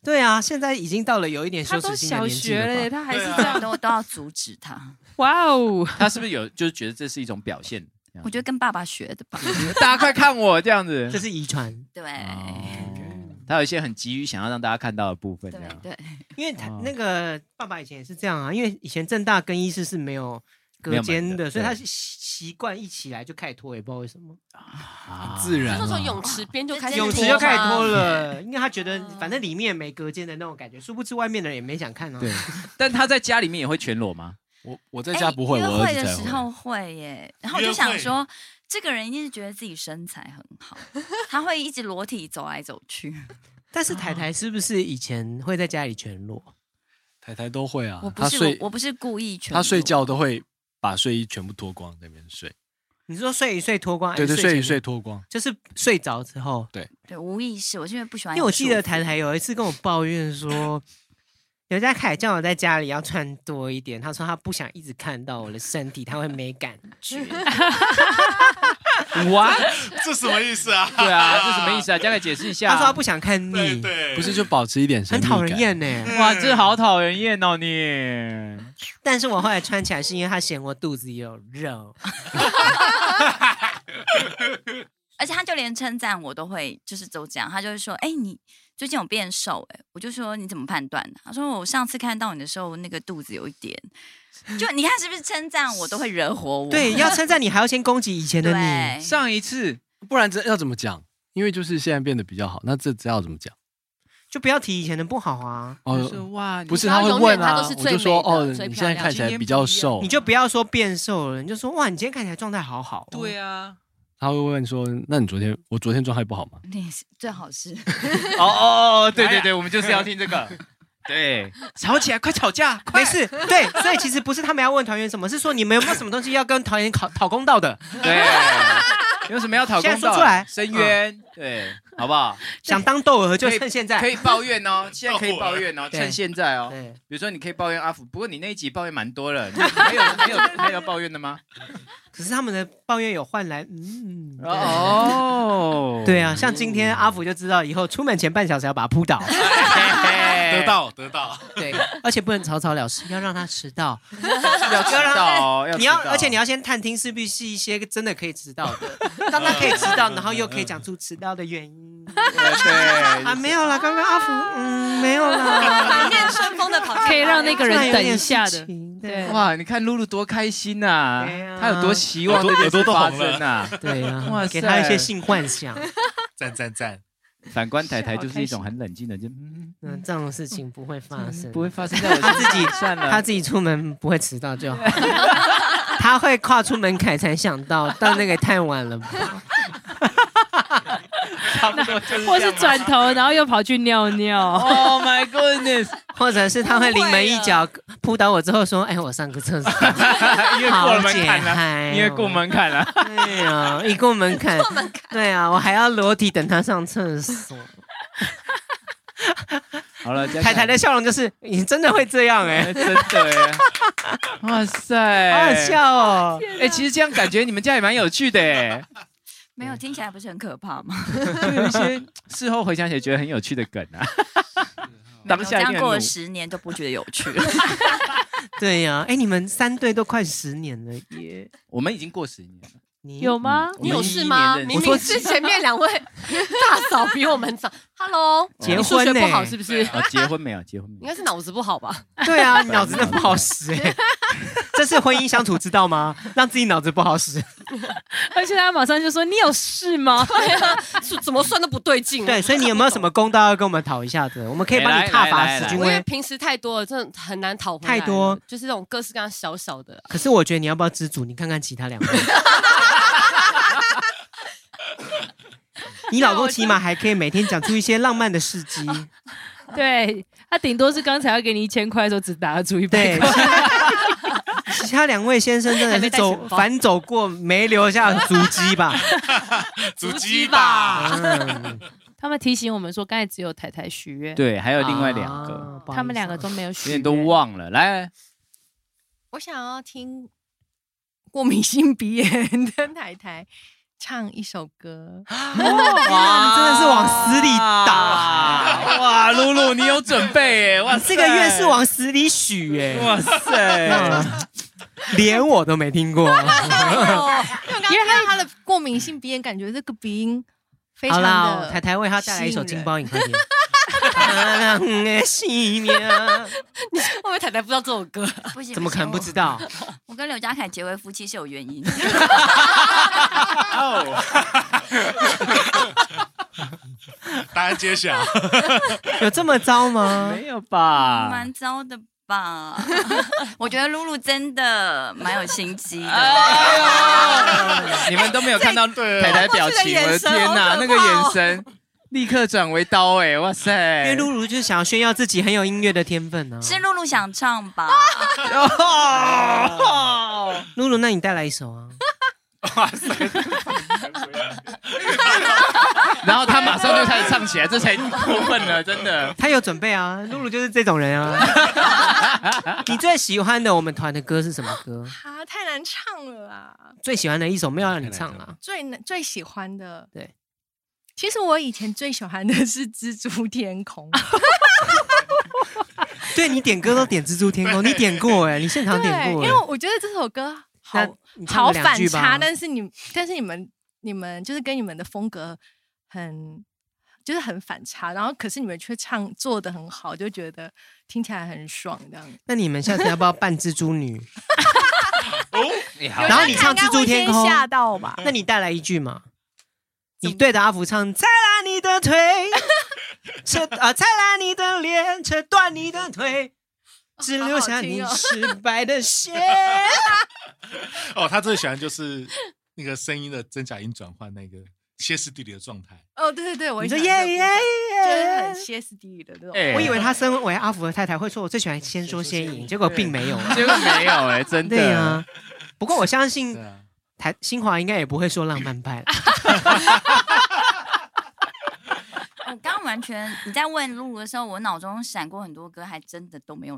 對啊，現在已經到了有一點他都小學了，他還是這樣，都 都要阻止他。哇、wow、哦， 他是不是有就是覺得這是一種表現？我覺得跟爸爸學的吧， 大家快看我這樣子，這、就是遺傳。對，oh, okay. 他有一些很急於想要讓大家看到的部分，這樣對，對，因為他、oh. 那個爸爸以前也是這樣啊，因為以前政大更衣室是沒有隔間的、的，所以他是習慣一起來就開始脫，也不知道為什麼，oh. 很自然、啊。就從泳池邊就開始泳池就開始脫了，因為他覺得反正裡面也沒隔間的那種感覺，殊、uh. 不知外面的人也沒想看哦、啊。對，但他在家裡面也會全裸嗎？我我在家不會，約、欸、會,會的時候會耶。然後我就想說，這個人一定是覺得自己身材很好， 他會一直裸體走來走去。但是台台是不是以前會在家裡全裸？啊、台台都會啊，我不是我,我不是故意全，他睡覺都會把睡衣全部脫光在那邊睡。你說睡一睡脫光？對對,對睡，睡一睡脫光，就是睡着之後，對對，無意識。我現在不喜歡，因為我記得台台有一次跟我抱怨說。 劉家凱叫我在家裡要穿多一點，他說他不想一直看到我的身體，他會沒感覺。哇 ，What? 這什麼意思啊？ 對啊，這什麼意思啊？家凱解釋一下，他說他不想看膩，對,對，不是就保持一點神秘感，很討人厭呢、欸嗯。哇，這、就是、好討人厭哦你！ 但是我後來穿起來是因為他嫌我肚子有肉， 而且他就連稱讚我都會就是都這樣，他就會說，哎、欸、你最近有變瘦哎、欸，我就說，你怎麼判斷的？他說，我上次看到你的時候，那個肚子有一點，就你看是不是稱讚我都會惹火我？ 對，要稱讚你還要先攻擊以前的你， 上一次，不然這要怎麼講？因為就是現在變得比較好，那這要怎麼講？就不要提以前的不好啊！哦，是哇，不是他會問、啊，他都是最我就說哦，你現在看起來比較瘦、啊，你就不要說變瘦了，你就說哇，你今天看起來狀態好好、哦。對啊。他會問說：“那你昨天，我昨天狀態不好嗎？”你最好是。哦哦哦，對對對， 我們就是要聽這個。對，吵起來，快吵架！ 沒事。 對， 所以其實不是他們要問團員什麼，是說你們有沒有什麼東西要跟團員討討公道的？ 對。對對對對有什麼要討公道、伸冤、啊？對，好不好？想當竇娥就趁現在可，可以抱怨哦。現在可以抱怨哦，趁現在哦對。對，比如說你可以抱怨阿福，不過你那一集抱怨蠻多了，沒有沒 有沒有，有抱怨的嗎？可是他們的抱怨有換來，嗯哦， 對啊，像今天阿福就知道以後出門前半小時要把它撲倒。 對 得到得到，對，而且不能草草了事，要讓他遲到， 到，要遲到，你要，而且你要先探聽是不是一些真的可以遲到的， 讓他可以遲到， 然後又可以講出遲到的原因。 對對啊，就是、啊，沒有啦，剛、就、剛、是啊啊、阿福，嗯，沒有啦，滿面春風的，可以讓那個人等一下的。下的對，哇，你看露露多開心吶、啊，他、啊啊啊、有多希望，耳朵都紅了，對呀、啊，哇、啊，給他一些性幻想，讚讚讚。反觀台台就是一種很冷靜的，就、嗯那、嗯、這種事情不會發生、嗯，不會發生在我自己 算了。他自己出門不會遲到就好。 他會跨出門檻才想到，但那個太晚了吧？ 差不多就是。或是轉頭，然後又跑去尿尿。Oh my goodness！或者是他會臨門一腳撲倒我之後說：“哎、欸，我上個廁所。 ”因為過了門檻了，因為、喔、過門檻了。 對呀、啊、一過門檻。 過門檻。對啊，我還要裸體等他上廁所。 好了，太太的笑容就是，你真的會這樣哎、欸欸？真的、欸， 哇塞，好好笑哦、喔！哎、欸，其實這樣感覺你們家也蠻有趣的哎、欸。 沒有，聽起來不是很可怕嗎？ 有一些事後回想起來覺得很有趣的梗啊。 當下一這樣過了十年都不覺得有趣了。 對呀、啊，哎、欸，你們三對都快十年了耶， 我們已經過十年了。有嗎、嗯？你有事嗎？我明明是前面兩位大嫂比我們早。 Hello，結婚、欸、不好是不是？啊， 結婚沒有，結婚沒有。 應該是腦子不好吧？ 對啊，腦子不好使、欸。 這是婚姻相處，知道嗎？讓自己腦子不好使。 而且他馬上就說你有事嗎 對、啊？怎麼算都不對勁、啊。 對，所以你有沒有什麼公道要跟我們討一下子？我們可以幫你撻伐。因為平時太多了，真的很難討回來。太多，就是那種各式各樣小小的、啊。可是我覺得你要不要知足？你看看其他兩位。你老公起碼還可以每天講出一些浪漫的事蹟，對，他頂多是剛才要給你一千塊的時候只拿出一百塊。對， 其他兩位先生真的是走反走過，沒留下足跡吧？足跡吧，足跡吧、嗯。他們提醒我們說，剛才只有太太許願，對，還有另外兩個，啊、他們兩個都沒有許願，都忘了。來，我想要聽過敏性鼻炎的太太。唱一首歌，哦，哇！你真的是往死裡打，哇！露露，你有準備耶，哇，這個月是往死裡許哎，哇塞，嗯！連我都沒聽過、哦 因他過，因為他的過敏性鼻炎，感覺這個鼻音非常的。好了，台台為他帶來一首《金包銀》善、啊、良的信仰，我 們太太不知道這首歌不行，怎麼可能不知道？我跟劉家凱結為夫妻是有原因。哦 大家揭曉， 有這麼糟嗎？ 沒有吧，蠻糟的吧？ 我覺得露露真的蠻有心機的、 哎呦 哎呦。你們都沒有看到太、哎、太表情，我的天哪，那個眼神！立刻轉為刀誒、欸，哇塞！因為露露就是想要炫耀自己很有音樂的天分呢、啊。是露露想唱吧？露露，那你帶來一首啊？哇塞！然後他馬上就開始唱起來， 這才過分了、啊，真的。他有準備啊，露露就是這種人啊。 你最喜歡的我們團的歌是什麼歌？啊，太難唱了啊！最喜歡的一首，沒有讓你唱了、啊。最最喜歡的，對。其實我以前最喜歡的是蜘 《蜘蛛天空》，對，你點歌都點《蜘蛛天空》，你點過哎，你現場點過。因為我覺得這首歌好好反差，但是你但是你們你們就是跟你們的風格很就是很反差，然後可是你們卻唱做得很好，就覺得聽起來很爽這樣。 那你們下次要不要扮蜘蛛女？ 然後你唱《蜘蛛天空》嚇到吧？那你帶來一句嘛？你對着阿福唱，踩爛你的腿，扯 啊，踩爛你的臉，扯斷你的腿，只留下你失敗的血。哦，好好聽哦， 哦，他最喜歡就是那個聲音的真假音轉換，那個 歇斯底里的狀態。哦，對對對，我你說耶耶耶，就是很歇斯底里的那種、欸。我以為他身為阿福的太太會說，我最喜歡先說先贏，結果並沒有， 結果沒有、欸，真的對啊，不過我相信、啊、台新華應該也不會說浪漫派。 我剛完全你在問露露的時候，我腦中閃過很多歌，還真的都沒有。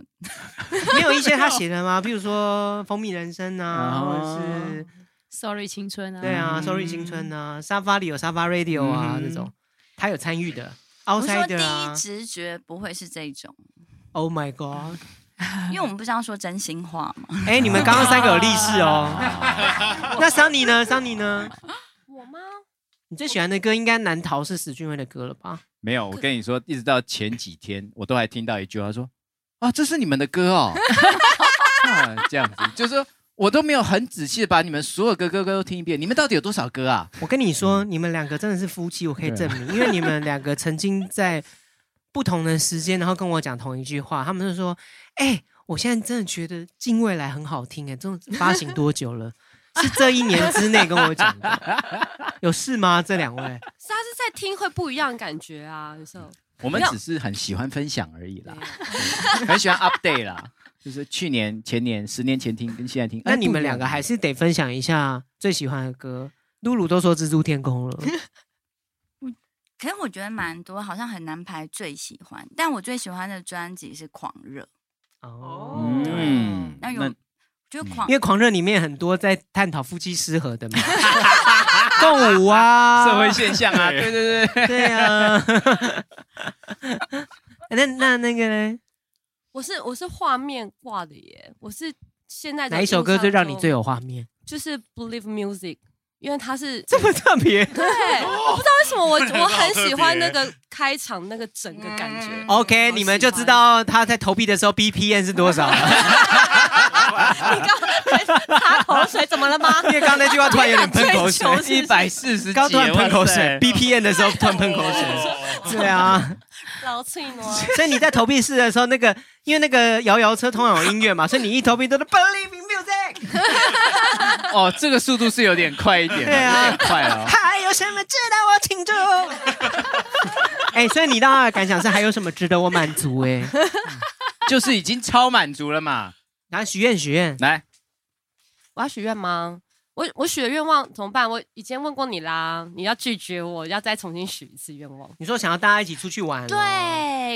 沒有一些他寫的嗎？比如說《蜂蜜人生》啊，或、嗯、者是《Sorry 青春》啊。對啊，嗯《Sorry 青春》啊，《沙發裡有沙發 Radio 啊》啊、嗯，這種他有參與的。我說第一直覺不會是這種。 Oh my god！ 因為我們不是要說真心話嘛。哎、欸，你們剛剛三個有歷史哦。 那桑 Sony 呢 尼呢？桑尼呢？你最喜歡的歌應該難逃是史俊威的歌了吧？沒有，我跟你說，一直到前幾天，我都還聽到一句話說：“啊，這是你們的歌哦。 啊”這樣子，就是說我都沒有很仔細的把你們所有歌歌歌都聽一遍。你們到底有多少歌啊？我跟你說，你們兩個真的是夫妻，我可以證明，因為你們兩個曾經在不同的時間，然後跟我講同一句話。他們就說：“哎，我現在真的覺得《近未來》很好聽，哎，這種發行多久了？” 是這一年之內跟我講的，有事嗎？這兩位，是他是在聽會不一樣感覺啊，有時候。我們只是很喜歡分享而已啦，很喜歡 update 啦，就是去年、前年、十年前聽跟現在聽。那你們兩個還是得分享一下最喜歡的歌。露露都說《蜘蛛天空》了，我，可是我覺得蠻多，好像很難排最喜歡。但我最喜歡的專輯是《狂熱》。哦，嗯，那有。嗯、因為《狂熱》裡面很多在探討夫妻失和的嘛，動物啊，社會現象啊， 對，對對對對啊 那。那那那個呢？我是我是畫面掛的耶，我是現在，在哪一首歌最讓你最有畫面？就是《Believe Music》，因為它是這麼特別。對、哦，我不知道為什麼我我很喜歡那個開場那個整個感覺。嗯嗯、OK，你們就知道他在投幣的時候 BPM 是多少了。 你剛剛擦口水，怎麼了嗎？因為剛剛那句話突然有點噴口水，是是一百四十幾突然噴口水，BPM 的時候突然噴口水，噴噴噴口水對啊，老脆哦。所以你在投幣室的時候，那個因為那個搖搖車通常有音樂嘛， 所以你一投幣都是 Believe Music。哦，這個速度是有點快一點，對啊，快啊、哦。還有什麼值得我慶祝？哎、 欸，所以你當下的感想是還有什麼值得我滿足、欸？哎 、嗯，就是已經超滿足了嘛。來許願，許願，來！我要許願嗎？我我許的願望怎麼辦？我以前問過你啦、啊，你要拒絕我，要再重新許一次願望。你說想要大家一起出去玩，對，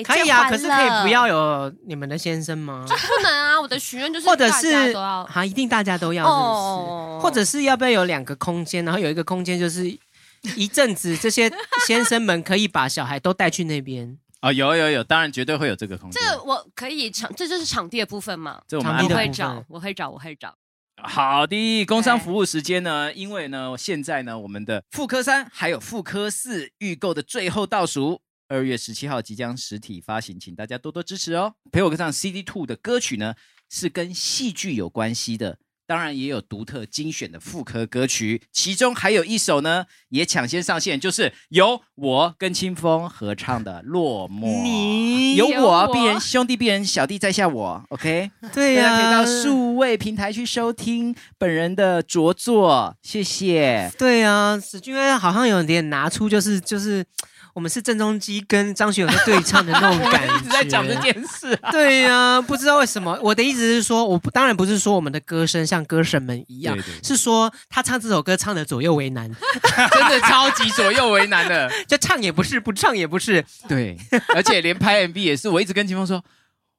可以啊。可是可以不要有你們的先生嗎？就不能啊！我的許願就是， 或者是都要，啊，一定大家都要是不是？哦、或者是要不要有兩個空間？然後有一個空間就是一陣子這些先生們可以把小孩都帶去那邊。啊、哦，有有有，當然絕對會有這個空間。這我可以場，這就是場地的部分嘛。這我們會找，我會找，我會找。好的，工商服務時間呢，因為呢，現在呢，我們的復刻三、還有復刻四預購的最後倒數，二月十七號即將實體發行，請大家多多支持哦。陪我歌唱 CD Two 的歌曲呢，是跟戲劇有關係的。當然也有獨特精選的復刻歌曲，其中還有一首呢，也搶先上線，就是由我跟青峰合唱的《落寞》。你有我，鄙人兄弟鄙人小弟在下我，OK？對啊，大家可以到數位平台去收聽本人的着作，謝謝。對啊，因為好像有點拿出就是就是。我們是鄭中基跟張學友的對唱的那種感覺，一直在講這件事。對呀、啊，不知道為什麼。我的意思是說，我當然不是說我們的歌聲像歌神們一樣，是說他唱這首歌唱的左右為難，真的超級左右為難的，就唱也不是，不唱也不是。對，而且連拍 MV 也是。我一直跟青峰說。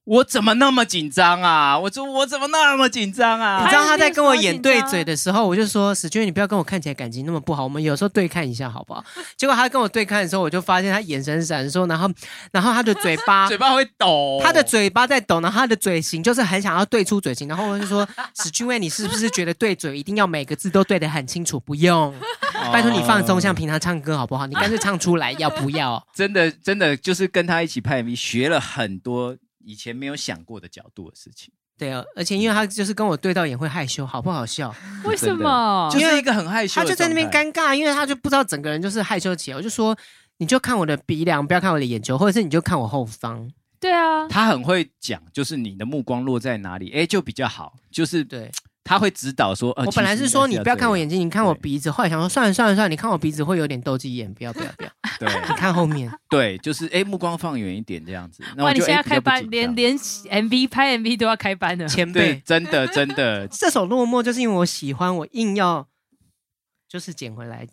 我怎麼那麼緊張啊？我說我怎麼那麼緊張啊？你知道他在跟我演對嘴的時候，我就說史俊威，你不要跟我看起來感情那麼不好。我們有時候對看一下好不好？結果他跟我對看的時候，我就發現他眼神閃爍，然後然後他的嘴巴嘴巴會抖，他的嘴巴在抖，然後他的嘴型就是很想要對出嘴型。然後我就說史俊威，你是不是覺得對嘴一定要每個字都對得很清楚？不用，拜、uh, 託你放鬆，像平常唱歌好不好？你乾脆唱出來 要不要？真的真的就是跟他一起拍 MV 學了很多。以前沒有想過的角度的事情，對啊，而且因為他就是跟我對到眼會害羞，好不好笑？為什麼？因為、就是、一個很害羞的，他就在那邊尷尬，因為他就不知道整個人就是害羞起來。我就說，你就看我的鼻梁，不要看我的眼球，或者是你就看我後方。對啊，他很會講，就是你的目光落在哪裡，哎、欸，就比較好，就是對。他會指導說：“呃，我本來是說你，是要你不要看我眼睛，你看我鼻子。後來想說，算了算了算了，你看我鼻子會有點鬥雞眼，不要不要不要。不要 對，你看後面，對，就是哎，目光放遠一點這樣子。那你現在開班連連 M V 拍 M V 都要開班了，前輩真的真的。真的 這首落寞就是因為我喜歡，我硬要就是撿回來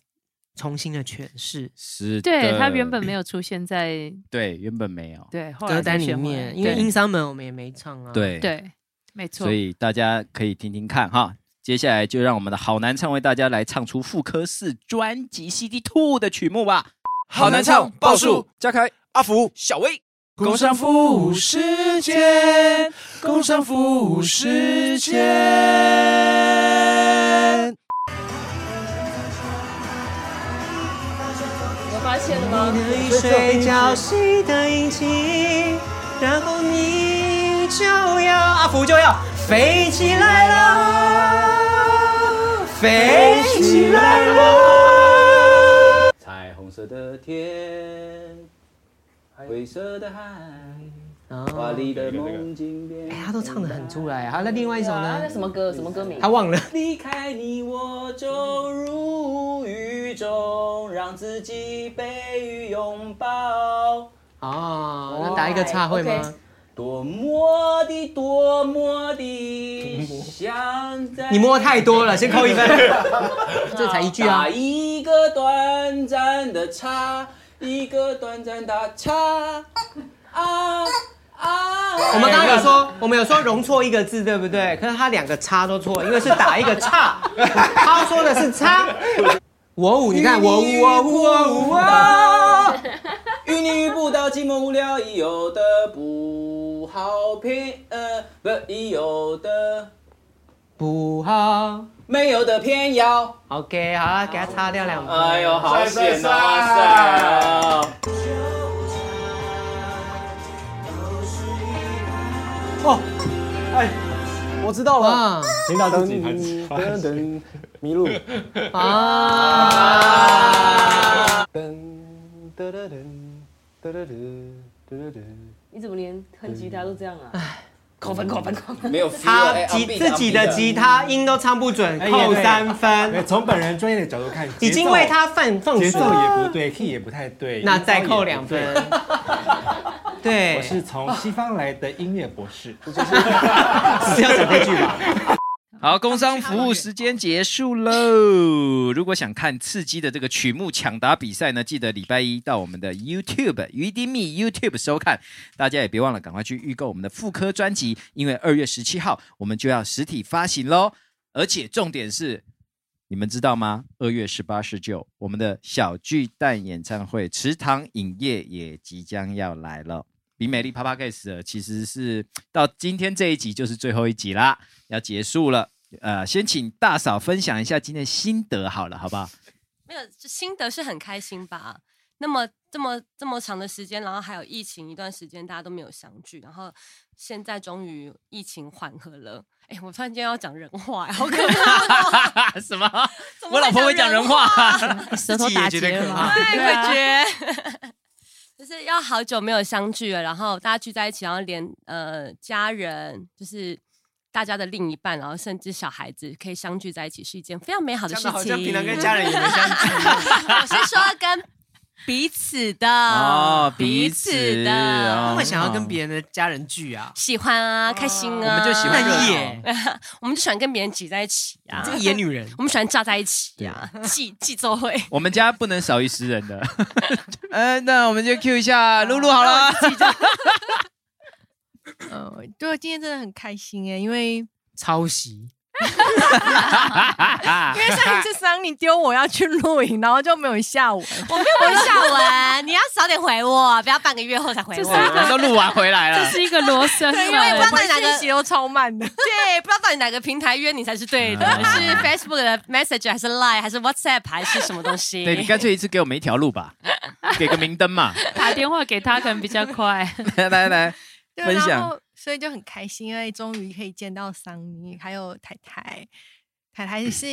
重新的詮釋。是，對他原本沒有出現在對原本沒有對後來歌單裡面，因為羅生門我們也沒唱啊，對對。”沒錯，所以大家可以聽聽看哈。接下來就讓我們的好男唱為大家來唱出《復刻四》專輯《C D Two》的曲目吧。好男唱，報數：家凱、阿福、小威，工商服務時間，工商服務時間。我發現了嗎？的雨水的嗯、然後你就要阿福就要飛起，飛，起飛起來了，飛起來了。彩虹色的天，灰色的海，華、哦、麗的夢境哎、欸，他都唱得很出來啊，啊！那另外一首呢？啊、什麼歌？什麼歌名？他忘了。離開你我就如雨中，嗯、讓自己被擁抱。哦，那打一個岔會嗎？多麼的，多麼的想在你摸太多了，先扣一分。 這才一句啊！一個短暫的叉一個短暫的叉啊啊！我們剛剛有說，我們有說容錯一個字，對不對？可是他兩個叉都錯，一個是打一個叉， 他說的是叉。我五、哦，你看我五。與你遇不到寂寞無聊已有的不。好偏呃，不，已有的不好，沒有的偏要。Okay, 好啦，給它擦掉兩個。哎呦，好險吶，哦啊啊啊，哦，哎，我知道了。領導，等等等，迷路啊。哦你怎麼連彈吉他都這樣啊？哎，扣分扣分扣分，沒有他吉自己的吉他音都唱不準，欸、扣三分。從本人專業的角度看，已經為他犯犯錯，了節奏也不對，key、嗯、也不太對，那再扣兩分。對， 對，我是從西方來的音樂博士，哈 哈、就是、 要講規矩嘛。 好，工商服務時間結束嘍。 如果想看刺激的這個曲目搶答比賽呢，記得禮拜一到我們的 YouTube 魚丁糸 YouTube 收看。大家也別忘了趕快去預購我們的復刻專輯，因為二月十七號我們就要實體發行嘍。而且重點是，你們知道嗎？二月十八、十九，我們的小巨蛋演唱會池塘影業也即將要來了。比美麗趴趴 case 其實是到今天這一集就是最後一集啦，要結束了。呃，先請大嫂分享一下今天的心得好了，好不好？沒有，心得是很開心吧。那麼這麼這麼長的時間，然後還有疫情一段時間，大家都沒有相聚，然後現在終於疫情緩和了。哎，我突然間要講人話，好可怕！ 什麼？我老婆會講人話啊，舌頭打結了嗎？ 對，會結。 就是要好久沒有相聚了，然後大家聚在一起，然後連呃家人就是。大家的另一半，然後甚至小孩子，可以相聚在一起，是一件非常美好的事情。平常跟家人也能相聚。 我是說跟彼此的哦，oh, 彼此的啊，會、oh, oh, 想要跟別人的家人聚啊，喜歡啊，oh. 開心啊，oh, 我們就喜歡野， 我們就喜歡跟別人聚在一起啊，這個野女人， 我們喜歡炸在一起啊，祭祭桌會，我們家不能少於十人的， 嗯，那我們就 Q 一下露露好了、啊。 呃、oh，對，今天真的很開心哎，因為抄襲 因為上一次桑你丟我要去錄影，然後就沒有下文，我沒有一下文， 下文 你要早點回我，不要半個月後才回我，我 都錄完回來了， 這是一個羅生，對，因為不知道你哪個期都超慢的， 對，不知道到底哪個平台約你才是對的， 是 Facebook 的 Message 還是 Line 還是 WhatsApp 還是什麼東西？對，你乾脆一次給我們一條路吧， 給個明燈嘛，打電話給他可能比較快，來 來。來對，分享然後，所以就很開心，因為終於可以見到桑尼，還有台台，台台是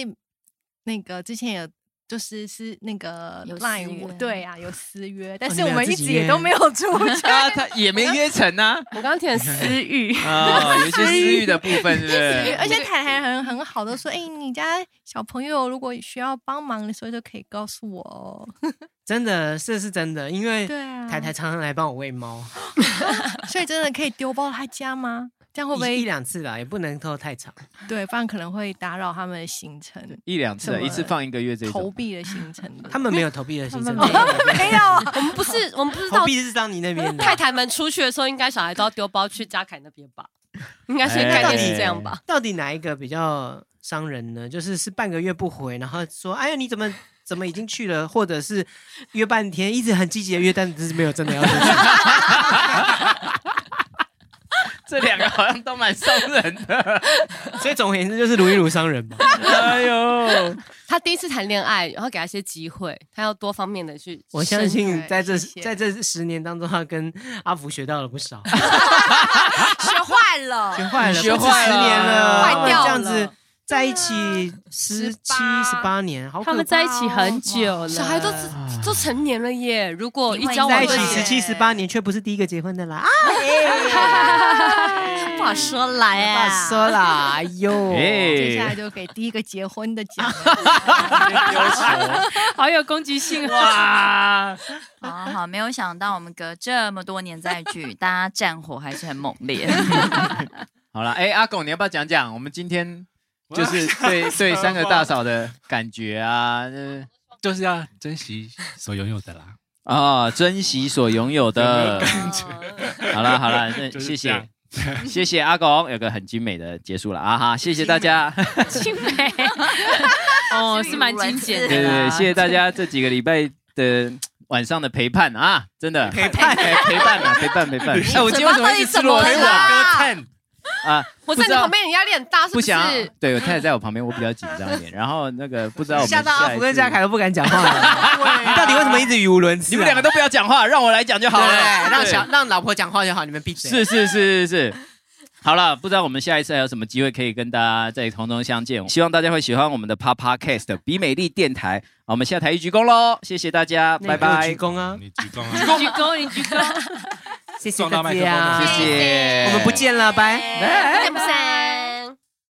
那個、嗯、之前有。就是是那個賴約我，對啊，有私約，但是我們一直也都沒有出啊、哦， 他也沒約成啊。我剛 我剛講私慾啊、 哦，有些私慾的部分 是，是，而且台台很很好的說，哎、欸，你家小朋友如果需要幫忙的時候，就可以告訴我哦。 真的是是真的，因為台台常常來幫我餵貓， 所以真的可以丟包他家嗎？這樣會不會一兩次吧，也不能拖太長，對，不然可能會打擾他們的行程。一兩次了，一次放一個月這種。投幣的行程的，他們沒有投幣的行程 他們沒有，沒有。 我們不是，我們不是。投幣是當你那邊的。太太們出去的時候，應該小孩都要丟包去嘉凱那邊吧？應該大概是這樣吧，欸到欸？到底哪一個比較傷人呢？就是是半個月不回，然後說，哎呀，你怎麼怎麼已經去了， 或者是約半天，一直很積極的約，但是沒有真的要去。 這兩個好像都蠻傷人的， 所以總言之就是如一如傷人嘛。哎呦，他第一次談戀愛，然後給他一些機會，他要多方面的去。我相信在這謝謝在這十年當中，他跟阿福學到了不少。 學壞了，壞了，學壞了，學壞了十年了，壞掉了。這樣子在一起十七十八,十八年，好，他們在一起很久了，小孩都都成年了耶。如果一交往在一起十七十八年，卻不是第一個結婚的啦啊！Okay, 好說啦呀、啊，好說啦，哎呦、哎！接下來就給第一個結婚的獎。 好有攻擊性、啊、哇！好、啊、好，沒有想到我們隔這麼多年再聚，大家戰火還是很猛烈。 好了，哎、欸，阿拱，你要不要講講？我們今天就是對對，對三個大嫂的感覺啊，就是要珍惜所擁有的啦。啊、就是哦，珍惜所擁有的。 好了好了，那、就是、謝謝。 謝謝阿公，有個很精美的結束了啊哈！謝謝大家，精美，呵呵，精美 哦，是蠻精簡的。嗯嗯嗯、對對、對、對、對，謝謝大家這幾個禮拜的晚上的陪伴啊，真的陪伴陪伴啊，陪伴陪伴。哎、 啊，我今天為什麼會一直我陪陪陪陪怎麼去吃我螄粉？陪啊、我在你旁邊，你壓力很大，是不是不想？對，我太太在我旁邊，我比較緊張一點。 然後那個不知,不知道我們下，阿福跟家凱都不敢講話了。 對啊、 你到底為什麼一直語無倫次、啊？你們兩個都不要講話，讓我來講就好了。讓小 讓老婆講話就好，你們閉嘴。是是是是是。 好了，不知道我們下一次還有什麼機會可以跟大家在空中相見。希望大家會喜歡我們的 Podcast 比美麗電台。我們下台一鞠躬嘍，謝謝大家，拜拜。你鞠躬啊！你鞠躬啊！鞠躬！你鞠躬。謝謝大家，謝謝，我們不見了，拜拜，拜拜。拜拜拜拜。